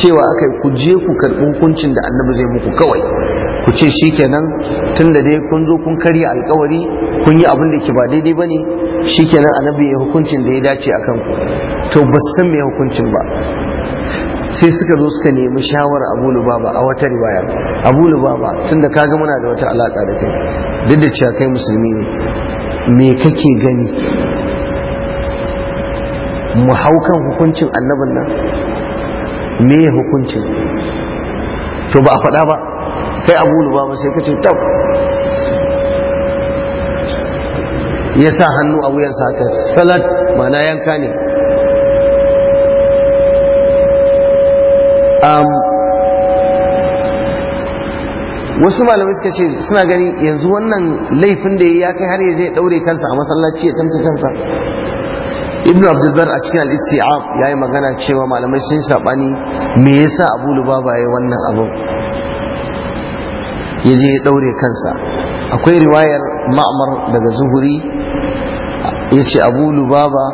S1: cewa aka ku je ku karɓi hukuncin da annabi zai muku kawai ku ce shi kenan tun da dai kun zo kun karya alkawari kun yi abin da ke ba daidai ba ne shi kenan annabi ya hukuncin da ya dace a kanku to ba su san mai hukuncin ba sai suka zo suka nemi shawar abu lubaba a wata riwayar abu lubaba tun da kaga muna da wata alaka da kai duk da cewa kai musulmi ne me kake gani mu haukan hukuncin annabin nan me hukuncin to ba a faɗa ba kai abu lubaba sai ka tab ya sa hannu a wuyansa haka salat mana yanka ne wasu malamai suka ce suna gani yanzu wannan laifin da ya kai har ya zai daure kansa a masallaci ya tamta kansa ibn abdulbar a cikin al ya yi magana cewa malamai sun sabani me yasa abu lubaba yayi wannan abu ya je ya ɗaure kansa akwai riwayar ma'amar daga zuhuri ya ce abu lubaba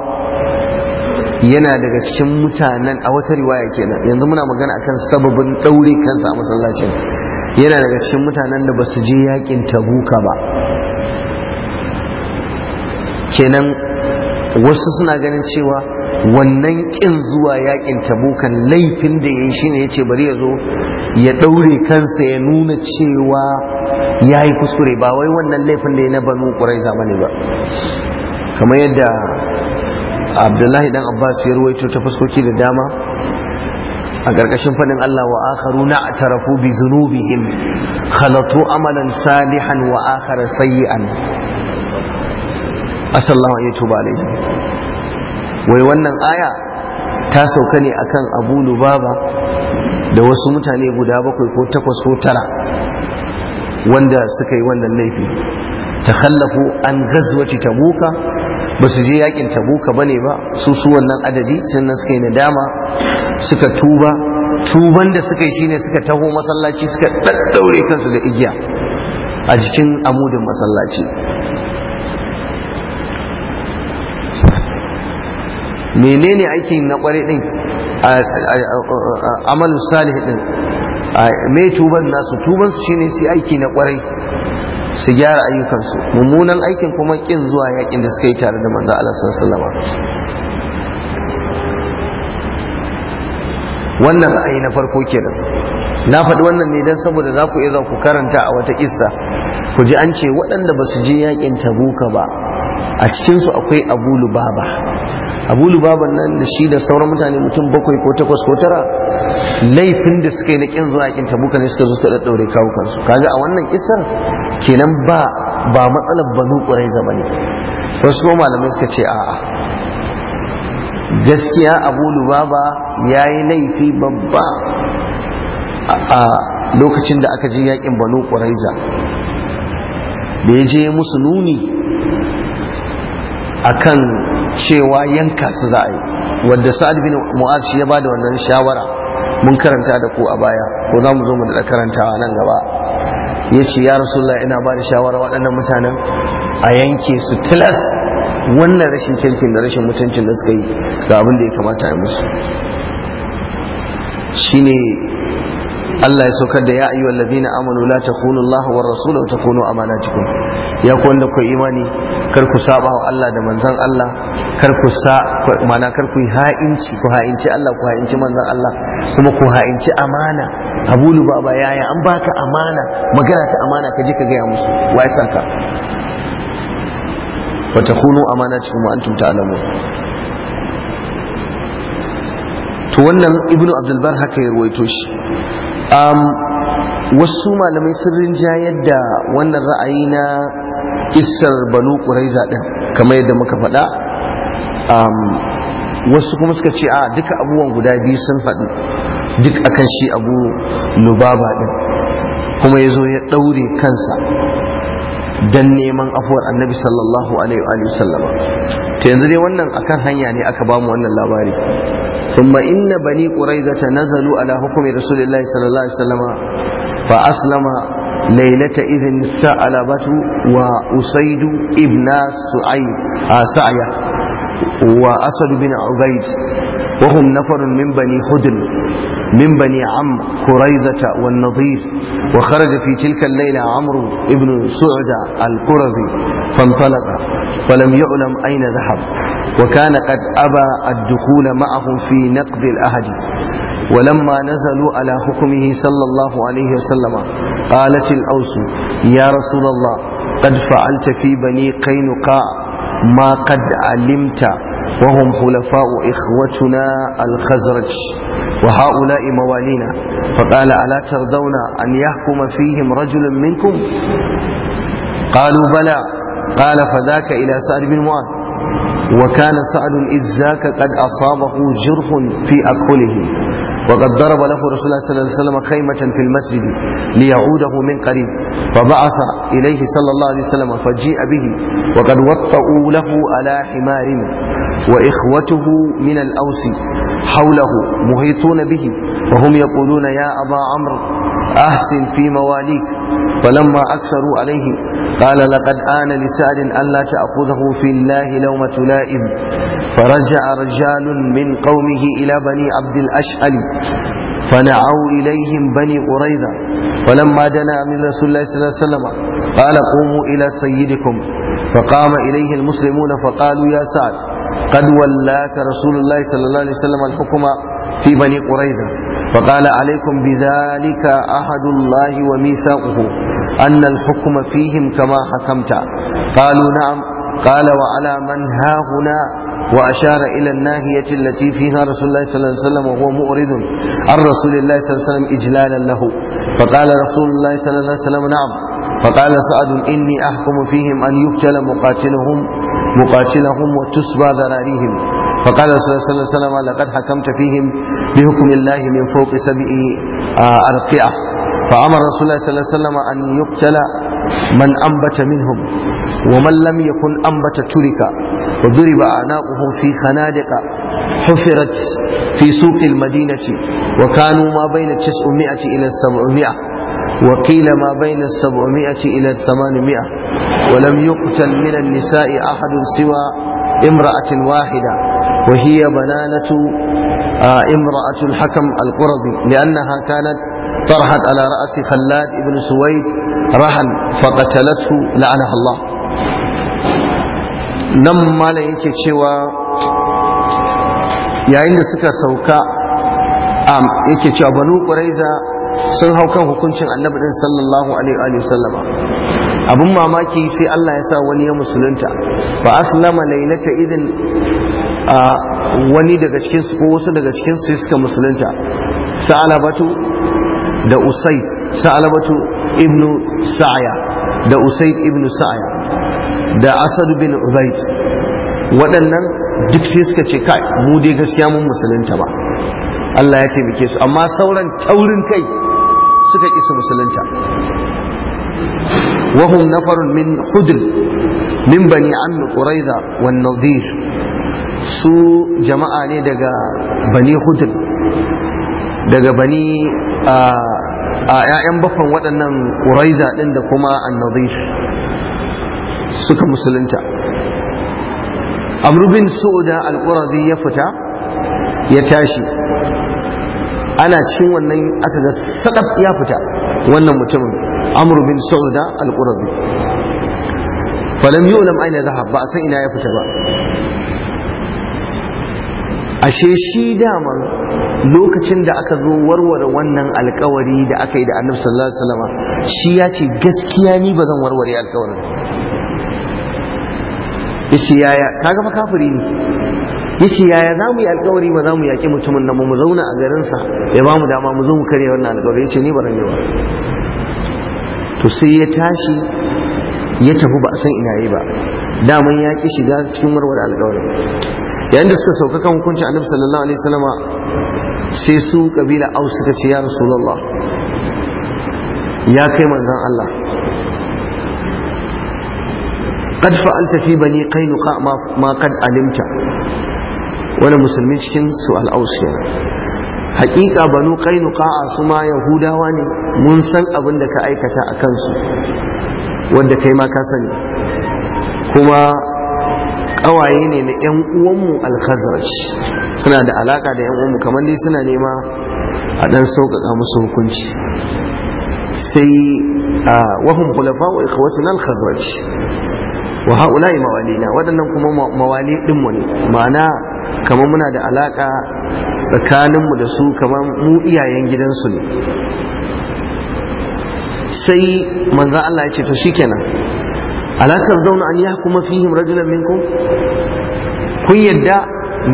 S1: yana daga cikin mutanen a wata riwaya kenan yanzu muna magana akan sababin ɗaure kansa a masallacin yana daga cikin mutanen da ba su je yakin tabuka ba kenan wasu suna ganin cewa wannan kin zuwa yakin tabukan laifin da ne ya ce bari ya zo ya ɗaure kansa ya nuna cewa ya yi kuskure ba wai wannan laifin da ya na banu quraiza zamani ba kamar yadda abdullahi ɗan abbas ya ruwaito ta fuskoki da dama a ƙarƙashin faɗin Allah wa akharu na atarafu bi zunubihim khalatu amalan salihan wa akhara sayyi'an asallama ya tuba alaihi wai wannan aya ta sauka ne akan abu lubaba da wasu mutane guda bakwai ko takwas ko tara wanda suka yi wannan laifi takhallafu an gazwaci tabuka ba su je yakin tabuka ba ne ba su su wannan adadi sannan suka yi nadama suka tuba tuban da suka yi shine suka taho masallaci suka ɗaɗɗaure kansu da igiya a jikin amudin masallaci menene aikin na kware din amalu salih din me tuban nasu tuban su shine su aiki na kwarai su gyara ayyukansu mummunan aikin kuma kin zuwa yakin da suka yi tare da manzo Allah sallallahu alaihi wannan ra'ayi na farko kenan na faɗi wannan ne don saboda za ku iya ku karanta a wata kissa ku ji an ce waɗanda ba su je yakin tabuka ba a cikinsu akwai abu lubaba abu lubaban nan da shi da sauran mutane mutum bakwai ko takwas ko tara laifin da suka yi na kin zuwa kin tabuka ne suka zo ta daddaure kawo kansu kaga a wannan kisar kenan ba ba matsalar banu ƙurai zamani ne wasu ba malamai suka ce a'a gaskiya abu lubaba ya yi laifi babba a lokacin da aka je yakin banu ƙuraiza da ya je musu nuni akan cewa yanka su za a yi wanda sa'ad bin mu'az shi ya bada wannan shawara mun karanta da ku a baya ko za mu zo mu da a nan gaba ya ce ya rasulullah ina ba da shawara waɗannan mutanen a yanke su tilas wannan rashin kirkin da rashin mutuncin da suka yi ga abin da ya kamata a musu shine Allah ya saukar da ya ayyu wallazina amanu la takunu Allah wa rasuluhu takunu amanatikum ya ku wanda ku imani kar ku saba wa Allah da manzon Allah kar ku sa mana kar ku yi ha'inci ku ha'inci Allah ku ha'inci manzon Allah kuma ku ha'inci amana Abu Lubaba yaya an baka amana magana ta amana ka je ka gaya musu wai saka wa takunu amanatukum wa antum ta'lamun to wannan ibnu abdul bar haka ya ruwaito shi wasu malamai sun rinjayar da wannan ra'ayi na kissar banu ƙuraiza ɗin kamar yadda muka faɗa wasu kuma suka ce a duka abubuwan guda biyu sun faɗi duk akan shi abu lubaba ɗin kuma ya zo ya ɗaure kansa don neman afuwar annabi sallallahu alaihi wasallama ta yanzu dai wannan akan hanya ne aka bamu wannan labari ثم إن بني قريظة نزلوا على حكم رسول الله صلى الله عليه وسلم فأسلم ليلة إذن سألبة وأسيد ابن آه، سعية وأسد بن عبيد وهم نفر من بني خدل من بني عم قريضة والنظير وخرج في تلك الليلة عمرو بن سعد القرظي فانطلق ولم يعلم أين ذهب وكان قد أبى الدخول معهم في نقب الأهد ولما نزلوا على حكمه صلى الله عليه وسلم قالت الأوس يا رسول الله قد فعلت في بني قينقاع ما قد علمت وهم خلفاء إخوتنا الخزرج وهؤلاء موالينا فقال ألا ترضون أن يحكم فيهم رجل منكم قالوا بلى قال فذاك إلى سعد بن معاذ وكان سعد إذ ذاك قد أصابه جرح في أكله وقد ضرب له رسول الله صلى الله عليه وسلم خيمة في المسجد ليعوده من قريب فبعث إليه صلى الله عليه وسلم فجيء به وقد وطئوا له على حمار وإخوته من الأوس حوله محيطون به وهم يقولون يا أبا عمرو أحسن في مواليك فلما أكثروا عليه قال لقد آن لسعد ألا تأخذه في الله لومة لائم فرجع رجال من قومه إلى بني عبد الأشعل فنعوا إليهم بني قريظة فلما دنا من رسول الله صلى الله عليه وسلم قال قوموا إلى سيدكم فقام إليه المسلمون فقالوا يا سعد قد ولاك رسول الله صلى الله عليه وسلم الحكم في بني قريظة فقال عليكم بذلك أحد الله وميثاقه أن الحكم فيهم كما حكمت قالوا نعم قال وعلى من ها هنا وأشار إلى الناهية التي فيها رسول الله صلى الله عليه وسلم وهو مؤرد عن رسول الله صلى الله عليه وسلم إجلالا له فقال رسول الله صلى الله عليه وسلم نعم فقال سعد إني أحكم فيهم أن يقتل مقاتلهم مقاتلهم وتسبى ذراريهم فقال صلى الله عليه وسلم لقد حكمت فيهم بحكم الله من فوق سبع أرقعة فأمر رسول الله صلى الله عليه وسلم أن يقتل من أنبت منهم ومن لم يكن أنبت ترك وضرب أعناقهم في خنادق حفرت في سوق المدينة وكانوا ما بين 900 إلى 700 وقيل ما بين 700 إلى 800 ولم يقتل من النساء أحد سوى امرأة واحدة وهي بنانة آه، امرأة الحكم القرضي لأنها كانت طرحت على رأس خلاد بن سويد رحل فقتلته لعنها الله nan malam yake cewa yayin da suka sauka yake cewa banu ƙuraiza sun hau kan hukuncin annabi din sallallahu alaihi wa sallama Abin mamaki sai Allah ya sa wani ya musulunta ba aslama lailata idin a wani daga cikin su ko wasu daga cikin su suka musulunta sa'alabatu da usaid sa'alabatu ibnu sa'aya da usaid ibnu sa'aya da asad bin ubaid waɗannan duk sai suka ce kai mu dai gaskiya mun musulunta ba Allah ya taimake su amma sauran taurin kai suka ƙi su musulunta wahum nafarun min hudr min bani ammi quraiza wan nadir su jama'a ne daga bani hudr daga bani a 'ya'yan baffan waɗannan quraiza ɗin da kuma an nadir suka musulunta amrubin bin su'uda al-qurazi ya fita ya tashi ana cin wannan aka ga sadaf ya fita wannan mutumin amrubin bin su'uda al-qurazi falam yu'lam aina zahab ba a san ina ya fita ba ashe shi daman lokacin da aka zo warware wannan alkawari da aka yi da annabi sallallahu alaihi wasallam shi ya ce gaskiya ni ba zan warware alkawarin yace yaya kaga fa kafiri ne yace yaya za mu yi alkawari ba za mu yaƙi mutumin nan mu zauna a sa ya ba mu dama mu zo mu karya wannan alkawari yace ni ba ran ba to sai ya tashi ya tafi ba a san ina yi ba daman ya ki shiga cikin warware alƙawari. yayin da suka sauka kan hukunci annabi sallallahu alaihi wasallama sai su kabila aw suka ce ya rasulullah ya kai manzon Allah qad fa'alta fi bani qainuqa ma qad alimta wani musulmi cikin su al'ausiya hakika banu qainuqa su ma yahudawa ne mun san abin da ka aikata a kansu wanda kai ma ka sani kuma kawaye ne na yan uwanmu al-khazraj suna da alaka da yan uwanmu kamar dai suna nema a dan sauƙaƙa musu hukunci sai wahum khulafa wa ikhwatuna al-khazraj wa haula'i mawalina waɗannan kuma mawali ɗinmu ne ma'ana kamar muna da alaƙa tsakaninmu da su kamar mu iyayen gidansu ne sai manzan Allah ya ce to shikenan alaƙar zauna an yi kuma fihim rajulan minkum kun yadda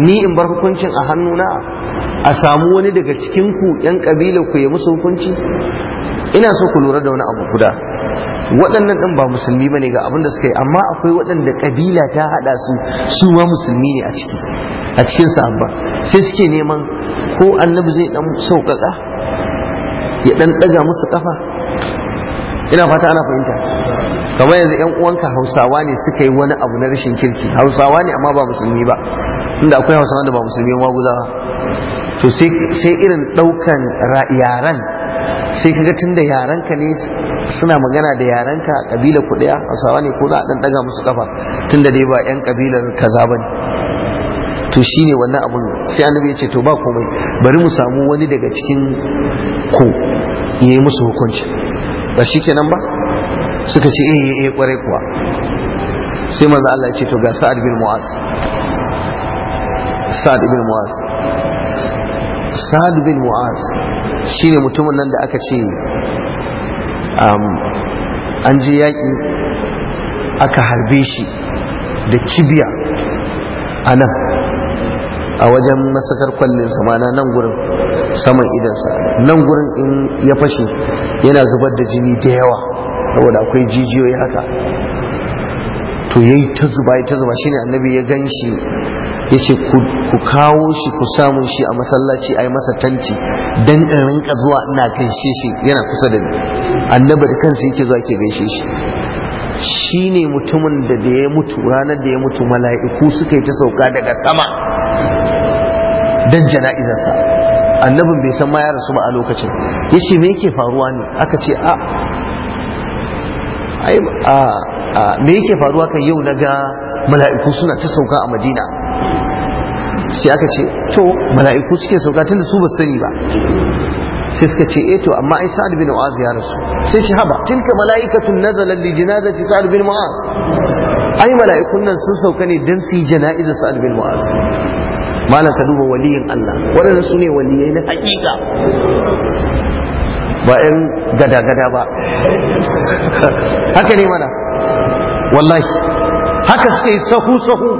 S1: ni in bar hukuncin a hannuna a samu wani daga cikinku 'yan kabilar ku ya musu hukunci ina so ku lura da wani abu guda waɗannan ɗin ba musulmi bane ga abin da suka yi amma akwai waɗanda ƙabila ta haɗa su su ma musulmi ne a ciki a cikin sahabba sai suke neman ko annabi zai ɗan sauƙaƙa ya ɗan ɗaga musu ƙafa ina fata ana fahimta kamar yanzu yan uwanka hausawa ne suka yi wani abu na rashin kirki hausawa ne amma ba musulmi ba inda akwai hausawa da ba musulmi ba guzawa to sai irin ɗaukan yaran sai kaga tun da yaranka ne suna magana da yarenka kabila ku daya sawa ne ko za a dan daga musu kafa da dai ba yan kabilar kaza bane to shine wannan abun sai annabi ya ce to ba komai bari mu samu wani daga cikin ku yayi musu hukunci ba shi kenan ba suka ce eh eh kwarai eh, kuwa sai manzo Allah ya ce to ga Sa'ad bin Mu'az Sa'ad bin Mu'az Sa'ad bin Mu'az shine mutumin nan da aka ce Um, an je yaƙi aka harbe shi da cibiya a nan a wajen masakar kwallon samana nan gurin saman idansa nan gurin in ya fashe yana zubar da jini da yawa saboda akwai jijiyoyi haka to yayi ta zuba ya ta zuba shine annabi ya gan shi ya ce ku kawo shi ku samun shi a masallaci a yi masa tanti don in rinka zuwa ina shi shi yana kusa da ni annaba da kansa yake zuwa ke gaishe shi shi ne mutumin da da ya mutu ranar da ya mutu mala'iku suka yi ta sauka daga sama don jana'izarsa annabin bai san ma su rasu ba a lokacin ya ce me yake faruwa ne aka ce a me yake faruwa kan yau na ga mala'iku suna ta sauka a madina sai aka ce to mala'iku suke sauka tunda su ba sani ba sai suka ce eh to amma ai sa'ad bin mu'az ya rasu sai ce haba tilka mala'ikatun nazalat li janazati sa'ad bin mu'az ai mala'ikun nan sun sauka ne dan su yi jana'izar sa'ad bin mu'az malam ka duba waliyin Allah waɗannan su ne waliyai na hakika ba yan gada-gada ba haka ne mana wallahi haka suka yi sahu-sahu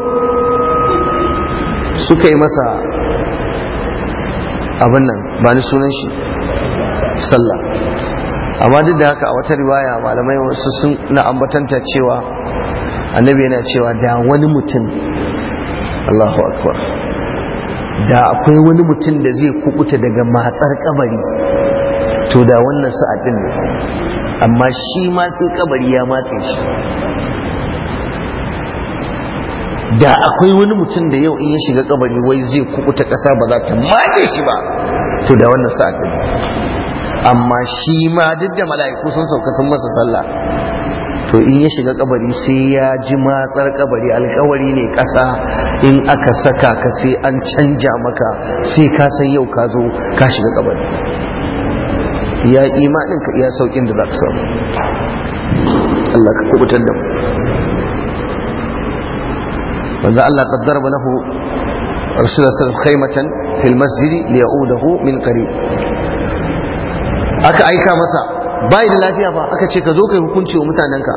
S1: suka yi masa abin nan ba ni sunan shi sallah amma duk da haka a wata riwaya malamai wasu sun na ambatanta cewa annabi yana cewa da wani mutum Allahu akbar da akwai wani mutum da zai kukuta daga matsar kabari to da wannan sa'adin ne amma shi ma kabari ya matse shi da akwai wani mutum da yau in ya shiga kabari wai zai kubuta kasa ba za ta mage shi ba to da wannan sa amma shi ma duk da mala'iku sun sauka sun masa sallah to in ya shiga kabari sai ya ji matsar kabari alkawari ne kasa in aka saka ka sai an canja maka sai ka san yau ka zo ka shiga kabari ya imanin ka iya saukin da za ka samu Allah ka kubutar da mu manzo Allah qaddara lahu rasulullah sallallahu khaymatan fil masjid liyaudahu min qarib aka aika masa bai da lafiya ba aka ce ka zo kai hukunci wa mutanenka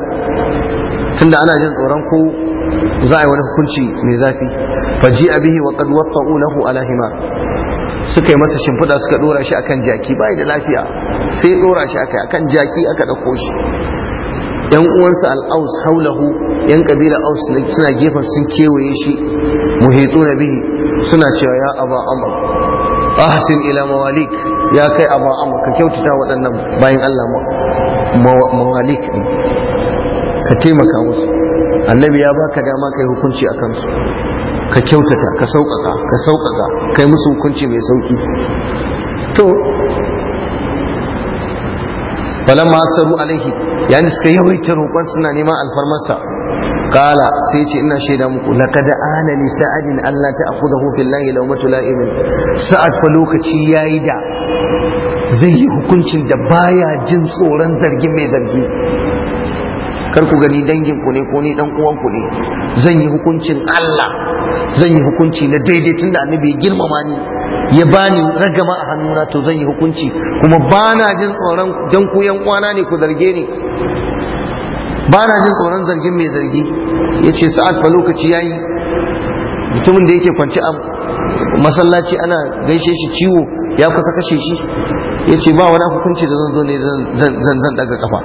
S1: tunda ana jin tsoron ko za a yi wani hukunci mai zafi faji abihi wa qad watta'u lahu ala himar suka yi masa shimfiɗa suka ɗora shi akan jaki bai da lafiya sai ɗora shi akai akan jaki aka ɗauko shi yan uwansa Al-Aws al'aus haulahu yan kabila aus suna gefen sun kewaye shi muhitu na bihi suna cewa ya aba amr ahsin ila mawalik ya kai aba amr ka kyautata waɗannan bayan Allah mawalik ne ka taimaka musu annabi ya baka dama kai hukunci a kansu ka kyautata ka sauƙaƙa ka sauƙaƙa kai musu hukunci mai sauƙi to falamma aksaru alaihi yani suka yawaita roƙon suna neman alfarmarsa kala sai ce ina shaida muku laqad ana li sa'adin Allah ta ta'khudhu fillahi lawmatu la'imin sa'ad fa lokaci yayi da zai yi hukuncin da baya jin tsoron zargi mai zargi kar ku gani dangin ku ne ko ni dan uwan ku ne zan yi hukuncin Allah zan yi hukunci na daidai tunda annabi ya girmama ni ya bani ragama a hannuna to zan yi hukunci kuma bana jin tsoron dan ku yan kwana ne ku zarge ni ba na jin tsoron zargin mai zargi ya ce sa'ad fa lokaci ya yi mutumin da yake kwanci a masallaci ana gaishe shi ciwo ya kusa kashe shi ya ce ba wani hukunci da zan zo ne zan daga kafa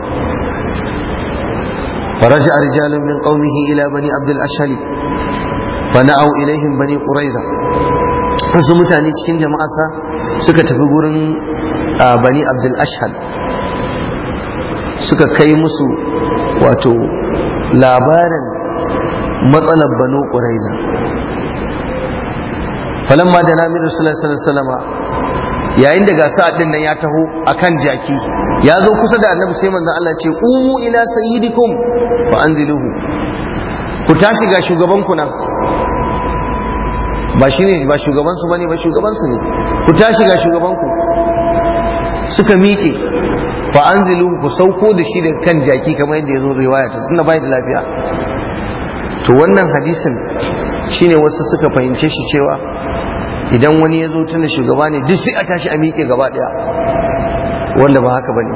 S1: فرجع رجال من قومه إلى بني عبد الأشهل فنعوا إليهم بني قريظة wasu mutane cikin jama'asa suka tafi gurin bani abdul ashhal suka kai musu wato labarin matsalar banu ƙuraiza ma da nabi sallallahu yayin da gasa ɗin nan ya taho a kan jaki ya zo kusa da annabi sai manzan Allah ce umu ila sayyidikum fa anziluhu ku tashi ga shugaban ku nan ba ne ba shugaban su bane ba shugaban su ne ku tashi ga shugaban ku suka miƙe fa anzilu ku sauko da shi daga kan jaki kamar yadda ya zo riwaya ta tunda bai da lafiya to wannan hadisin shine wasu suka fahimce shi cewa idan wani ya zo tunda shugaba ne duk sai a tashi a miƙe gaba ɗaya wanda ba haka bane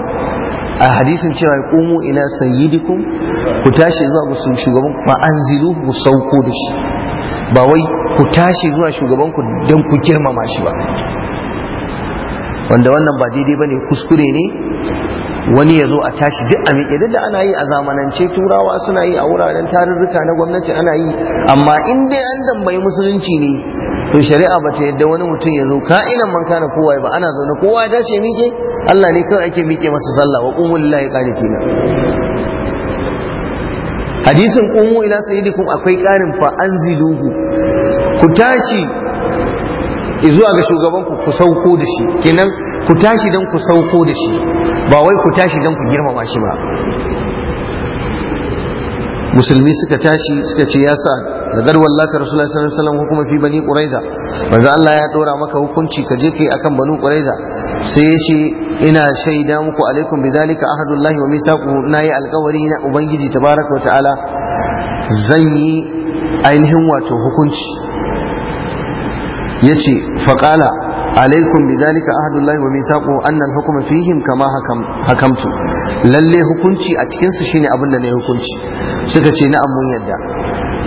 S1: a hadisin cewa ya komo sayi sayyidikum ku tashi zuwa ga shugaban fa anzilu ku sauko da shi ba wai ku tashi zuwa shugaban ku don ku girmama shi ba wanda wannan ba daidai ba ne kuskure ne wani ya zo a tashi duk a miƙe duk da ana yi a zamanance turawa suna yi a wuraren tarurruka na gwamnati ana yi amma in dai an dambayi musulunci ne to shari'a ba ta yadda wani mutum ya zo ka'inan man kana kowa ba ana zaune kowa ya tashi miƙe Allah ne kawai ake miƙe masa sallah wa qumul lillahi qanitina hadisin qumu ila sayyidikum akwai ƙarin fa anziluhu ku tashi zuwa ga shugaban ku ku sauko da shi kenan ku tashi dan ku sauko da shi ba wai ku tashi dan ku girmama shi ba musulmi suka tashi suka ce ya sa da garwar laka rasulullahi sallallahu alaihi wasallam kuma fi bani quraiza manzo Allah ya dora maka hukunci ka je kai akan banu quraiza sai ya ce ina shaida muku alaikum bidhalika ahadullahi wa misaquhu nayi alqawari na ubangiji tabaraka wa ta'ala zan yi ainihin wato hukunci yace faqala alaikum bidhalika ahadullahi wa mithaqu anna al-hukma fihim kama hakam hakamtu lalle hukunci a cikin su shine abin da ne hukunci suka ce na'am mun yadda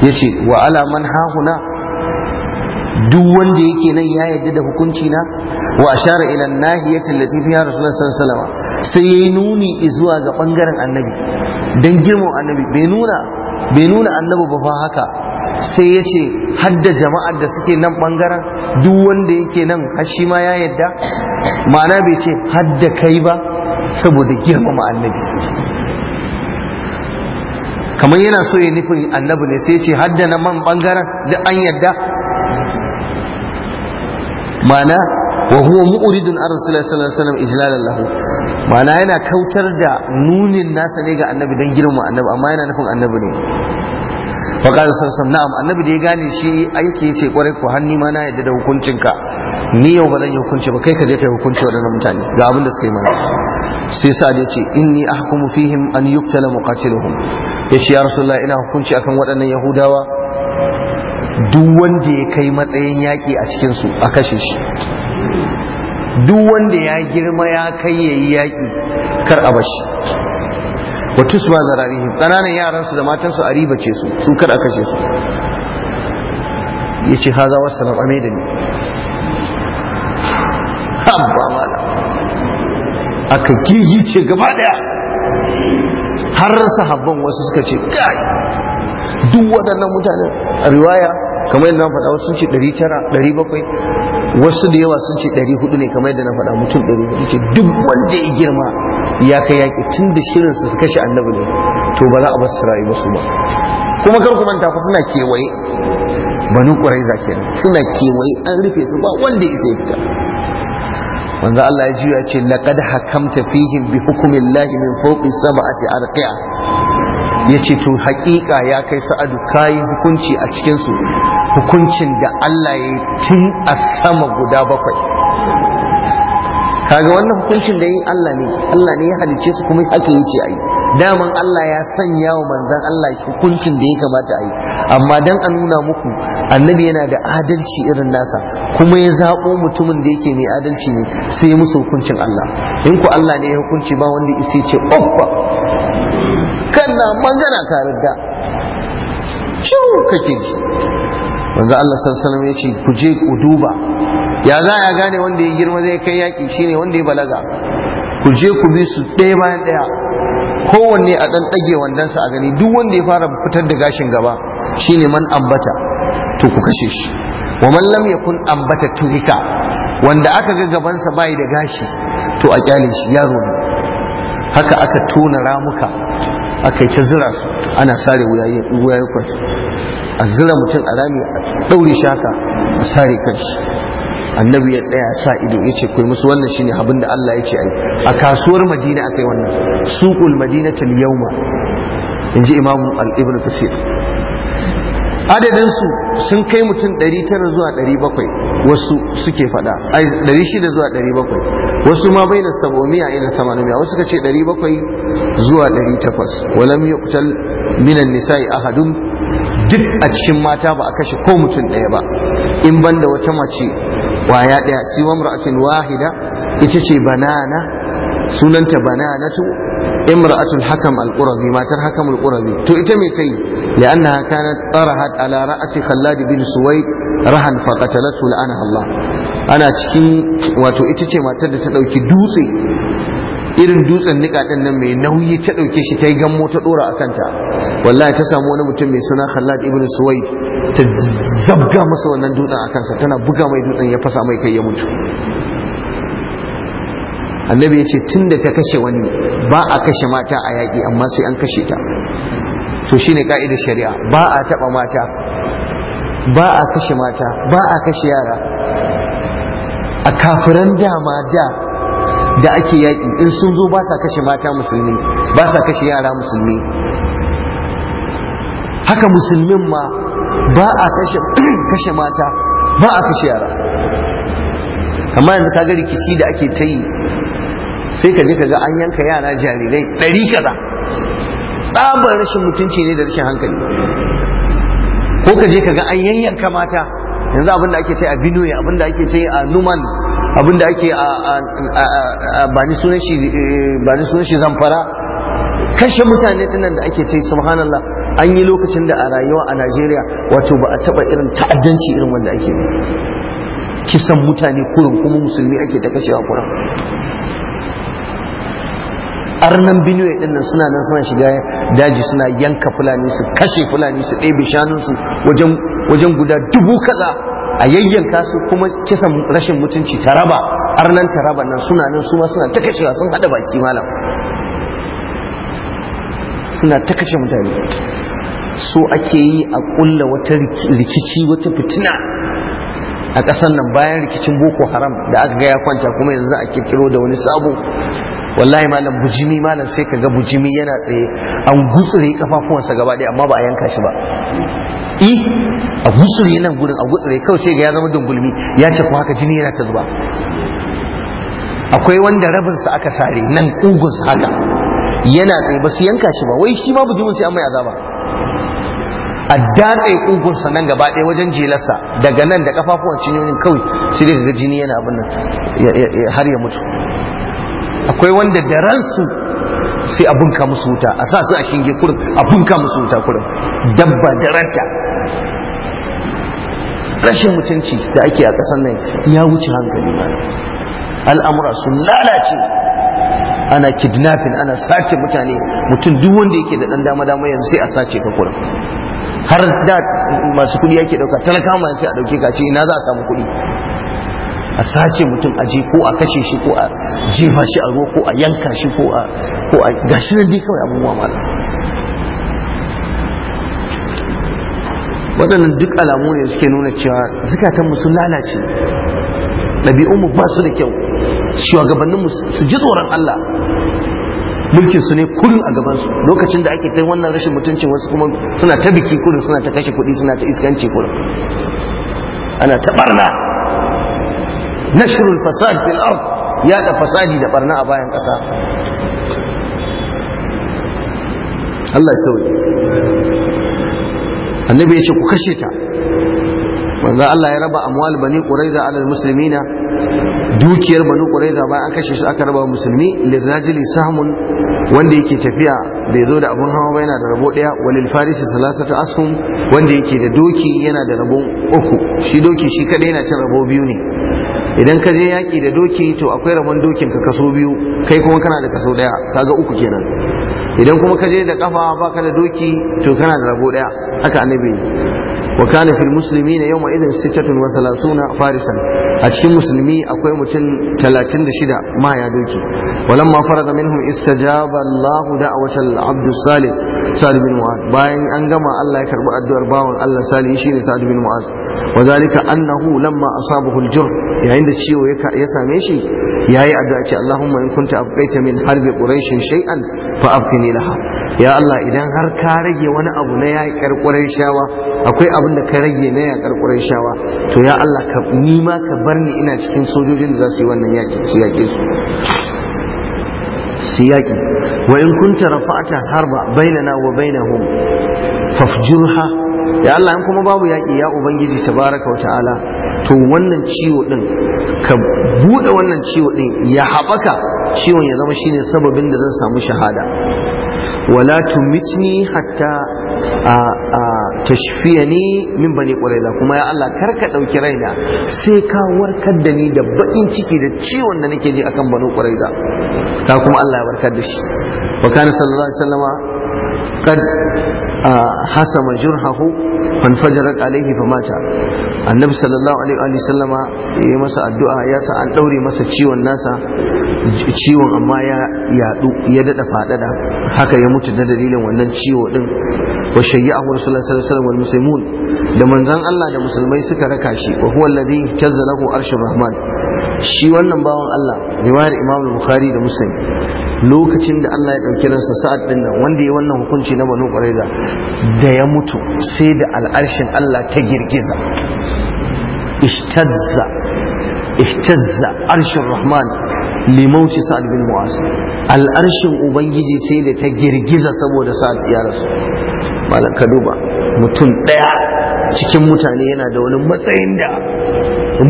S1: yace wa ala man hahuna duk wanda yake nan ya yadda da hukunci na wa ashara ila nahiyati allati fiha rasulullahi sallallahu alaihi wasallam sai yayi nuni zuwa ga bangaren annabi don girman annabi bai nuna bai nuna annabi ba haka sai ya ce hadda jama'ar da suke nan bangaren duk wanda yake nan har ma ya yadda ma'ana bai ce hadda kai ba saboda girmama annabi kamar yana so ya nufin annabi ne sai ya ce hadda na man bangaren duk an yadda ma'ana wa huwa mu'ridun an rasulullahi sallallahu alaihi wasallam ijlalan lahu ma'ana yana kautar da nunin nasa ne ga annabi dan girma annabi amma yana nufin annabi ne fa qala sallallahu na'am annabi da ya gane shi aiki yace kwarai ko hanni ma na yadda da hukuncinka ni yau ba zan yi hukunci ba kai ka je kai hukunci wadannan mutane ga abin da suka yi mana sai sa da yace inni ahkumu fihim an yuqtala muqatiluhum yace ya rasulullahi ina hukunci akan waɗannan yahudawa duk wanda ya kai matsayin yaƙi a cikinsu a kashe shi duk wanda ya girma ya kai ya yi yaƙi kar a bashi wa tusma zararihim ƙananan yaran su da matan su a ce su su kar a kashe su ce haza wasu da ni. ba mala aka ce gaba daya har sahabban wasu suka ce kai duk waɗannan mutanen riwaya kamar yadda na faɗa wasu ce 900 700 wasu da yawa sun ce 400 ne kamar yadda na faɗa mutum 400 ce duk wanda ya girma ya kai yaƙi tun da shirin su su kashe annabi ne to ba za a basu rayu su ba kuma kar ku manta fa suna kewaye banu quraiza kenan suna kewaye an rufe su ba wanda ya fita wanda Allah ya ji ya ce laqad hakamta fihim bi Allah min fawqi sab'ati arqi'a ya ce to hakika ya kai sa'adu kayi hukunci a cikinsu hukuncin da Allah ya yi tun a sama guda bakwai kaga wannan hukuncin da yi Allah ne Allah ne ya halicce su kuma haka yi ce a yi daman Allah ya sanya wa manzan Allah hukuncin da ya kamata a yi amma dan a nuna muku annabi yana da adalci irin nasa kuma ya zaɓo mutumin da yake mai adalci ne sai musu hukuncin Allah in ku Allah ne ya hukunci ba wanda isa ce offa kana magana ka ridda shiru kake ji wanda Allah sallallahu ya ce ku je ku duba ya za ya gane wanda ya girma zai kai Shi ne wanda ya balaga ku je ku bi su ɗaya bayan ɗaya kowanne a ɗan ɗage wandansa a gani duk wanda ya fara fitar da gashin gaba Shi ne man ambata to ku kashe shi wa man lam yakun ambata turika wanda aka ga gabansa bai da gashi to a kyale shi yaro ne haka aka tona ramuka aka yi ta zira su ana sare wuyayukan kwanci a zira mutum a rami a ɗauri shaka haka a sare kanshi annabi ya tsaya sa ido ya ce kai musu wannan shine abin da Allah ya ce ai a kasuwar madina aka wannan suqul madinatul yawma inji imam al-ibn kasir adadinsu sun kai mutum 900 zuwa 700 wasu suke fada 600 zuwa 700 wasu ma bai na sabomiya ila 800 wasu suka ce 700 zuwa 800 walam yuqtal minan nisa'i ahadun duk a cikin mata ba a kashe ko mutum daya ba in banda wata mace kwaya daya siwa mar'atin wahida ita ce banana sunanta bananatu imra'atul hakam al-qurabi matar hakam al-qurabi to ita me tai li'annaha kanat tarahat ala ra'si khallad bin suwaid rahan fa qatalathu la'ana Allah ana cikin wato ita ce matar da ta dauki dutse irin dutsen nika din nan mai nauyi ta dauke shi ta yi gammo ta dora a kanta wallahi ta samu wani mutum mai suna Khallad ibn Suwaid ta zabga masa wannan dutsen a kansa tana buga mai dutsen ya fasa mai kai ya mutu annabi ya ce tun da ta kashe wani ba a kashe mata a yaƙi amma sai an kashe ta to shine ka'idar shari'a ba a taɓa mata ba a kashe mata ba a kashe yara a kafiran dama da da ake yaƙi in sun zo ba sa kashe mata musulmi ba sa kashe yara musulmi haka musulmin ma ba a kashe mata ba a kashe yara amma yanzu kaga rikici da ake ta yi sai ka je ka ga an yanka yara jarirai ɗari kaza tsabar rashin mutunci ne da rashin hankali ko ka je ka ga an yanyanka mata yanzu abin da ake ta a Benue abin da ake ta a Numan abin da ake a eh, ba ni sunan shi zamfara kashe mutane dinnan da ake ta subhanallah an yi lokacin da a rayuwa a Najeriya wato ba a taba irin ta'addanci irin wanda ake kisan mutane kurum kuma musulmi ake ta kashewa kurum arnan binuwe din nan suna nan suna shiga daji suna yanka fulani su kashe fulani su ɗebe shanunsu wajen guda dubu kaza a yayyanka su kuma kisan rashin mutunci taraba arnan taraba nan suna nan su ma suna ta kashewa sun haɗa baki malam suna ta kashe mutane so ake yi a ƙulla wata rikici wata fitina a ƙasar nan bayan rikicin boko haram da aka gaya kwanta kuma yanzu za a kirkiro da wani sabo wallahi malam bujimi malam sai kaga bujimi yana tsaye an gutsure kafafuwansa gaba ɗaya amma ba a yanka shi ba i a gutsure nan gurin a gutsure kawai sai ga ya zama dungulmi ya ce haka jini yana ta zuba akwai wanda rabinsa aka sare nan kugunsa haka yana tsaye ba su yanka shi ba wai shi ma bujimin sai an mai azaba a datse kugunsa nan gaba ɗaya wajen jelarsa daga nan da kafafuwan cinyoyin kawai sai daga jini yana abin nan har ya mutu akwai wanda da ransu sai abunka musu wuta a sa su a shinge kurin abunka musu wuta kurin dabba da ranta rashin mutunci da ake a ƙasar nan ya wuce hankali ba al'amura sun lalace ana kidnafin ana sace mutane mutum duk wanda yake da ɗan dama dama yanzu sai a sace ka kurin har da masu kuɗi yake ɗauka talakawa sai a ɗauke ka ce ina za a samu kuɗi a sace mutum a ji ko a kashe shi ko a jefa shi a ruwa ko a yanka shi ko a gashi nan dai kawai abubuwa mala waɗannan duk alamu ne suke nuna cewa zikatan sun lalace ɗabi'unmu ba su da kyau shugabanninmu su ji tsoron Allah mulkin su ne kurin a gaban su lokacin da ake kai wannan rashin mutuncin wasu kuma suna ta biki kurin suna ta kashe kuɗi suna ta iskanci kurin ana ta barna nashrul fasad fil ard yada fasadi da barna a bayan kasa Allah ya annabi ya ce ku kashe ta manzo Allah ya raba amwal bani quraiza alal muslimina dukiyar bani quraiza bayan an kashe su aka raba musulmi lirajili sahmun wanda yake tafiya bai zo da abun hawa ba yana da rabo daya walil farisi salasatu ashum wanda yake da doki yana da rabo uku shi doki shi kadai yana cin rabo biyu ne idan ka je yaki da doki to akwai rabon dokin ka kaso biyu kai kuma kana da kaso ɗaya, kaga uku kenan idan kuma ka je da kafa baka da doki to kana da rabo ɗaya, haka annabi وكان في المسلمين يومئذ ستة وثلاثون فارسا أتشي مسلمي أكوي متن تلاتين شدة ما يدوكي ولما فرغ منهم استجاب الله دعوة العبد الصالح سعد بن معاذ باين أنجما الله يكرب الدور باون الله صالح شيني سعد بن معاذ وذلك أنه لما أصابه الجر عند الشيء يساميشي يا يا أدعك اللهم إن كنت أبقيت من حرب قريش شيئا فأبقني لها يا الله إذا هر كارجي وأنا أبو نيا قريشاوة أكوي أبو abinda da ka rage na yakar shawa to ya Allah ka ni ma ka bar ni ina cikin sojojin da za su yi wannan yaƙi su yaƙe su su yaƙi wa in kun kunta rafa'ata harba bainana wa bainahum fafjurha ya Allah in kuma babu yaƙi ya ubangiji tabaraka wa ta'ala to wannan ciwo din ka buɗe wannan ciwo din ya haɓaka ciwon ya zama shine sababin da zan samu shahada wala tumitni hatta tashfiyani min bani ƙuraiza kuma ya Allah kar ka ɗauki raina sai ka warkar da ni da bakin ciki da ciwon da nake ji akan bani ƙuraiza ka kuma Allah ya warkar da shi wa kana sallallahu alaihi wasallama qad hasama jurhahu fanfajarat alaihi famata annabi sallallahu alaihi wa sallama ya masa addu'a ya sa an daure masa ciwon nasa ciwon amma ya yadu ya dada fadada haka ya mutu da dalilin wannan ciwo din wa shayyahu rasulullahi sallallahu alaihi wasallam wal muslimun da manzon Allah da musulmai suka raka shi wa huwa alladhi jazzalahu arshur rahman shi wannan bawan Allah riwayar Imam Bukhari da Muslim lokacin da Allah ya ɗauki ransa sa'ad ɗin nan wanda ya wannan hukunci na Banu Qurayza da ya mutu sai da al'arshin Allah ta girgiza ishtazza ihtazza arshin Rahman limauci sa'ad bin Mu'az al'arshin Ubangiji sai da ta girgiza saboda sa'ad ya rasu malam ka duba mutum ɗaya cikin mutane yana da wani matsayin da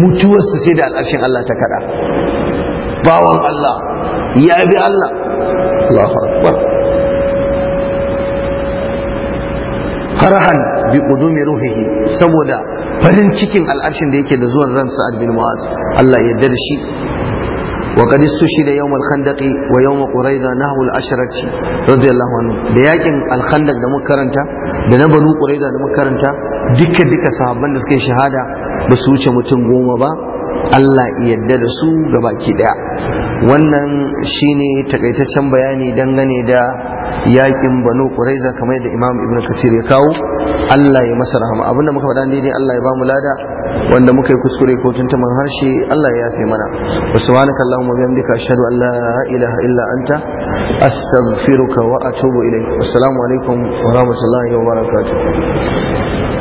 S1: mutuwarsa sai da al'arshin Allah ta kada bawan Allah ya bi Allah Allahu akbar bi qudumi ruhihi saboda farin cikin al'ashin da yake da zuwan ransa sa'ad bin mu'az Allah ya yarda shi وقد استشهد يوم الخندق ويوم قريظة نحو العشرة رضي الله عنه da yakin alkhandak da muka karanta da na banu quraiza da muka karanta duka duka sahabban da suke shahada ba su wuce mutum goma ba Allah ya yarda da su gabaki daya wannan shine takaitaccen bayani dangane da yakin banu quraiza kamar da imam ibnu kasir ya kawo Allah ya masa rahama abinda muka faɗa ne Allah ya ba lada wanda muka yi kuskure ko tunta man harshe Allah ya yafe mana wa subhanaka allahumma wa bihamdika ashhadu an la ilaha illa anta astaghfiruka wa atubu ilayk alaikum wa rahmatullahi wa barakatuh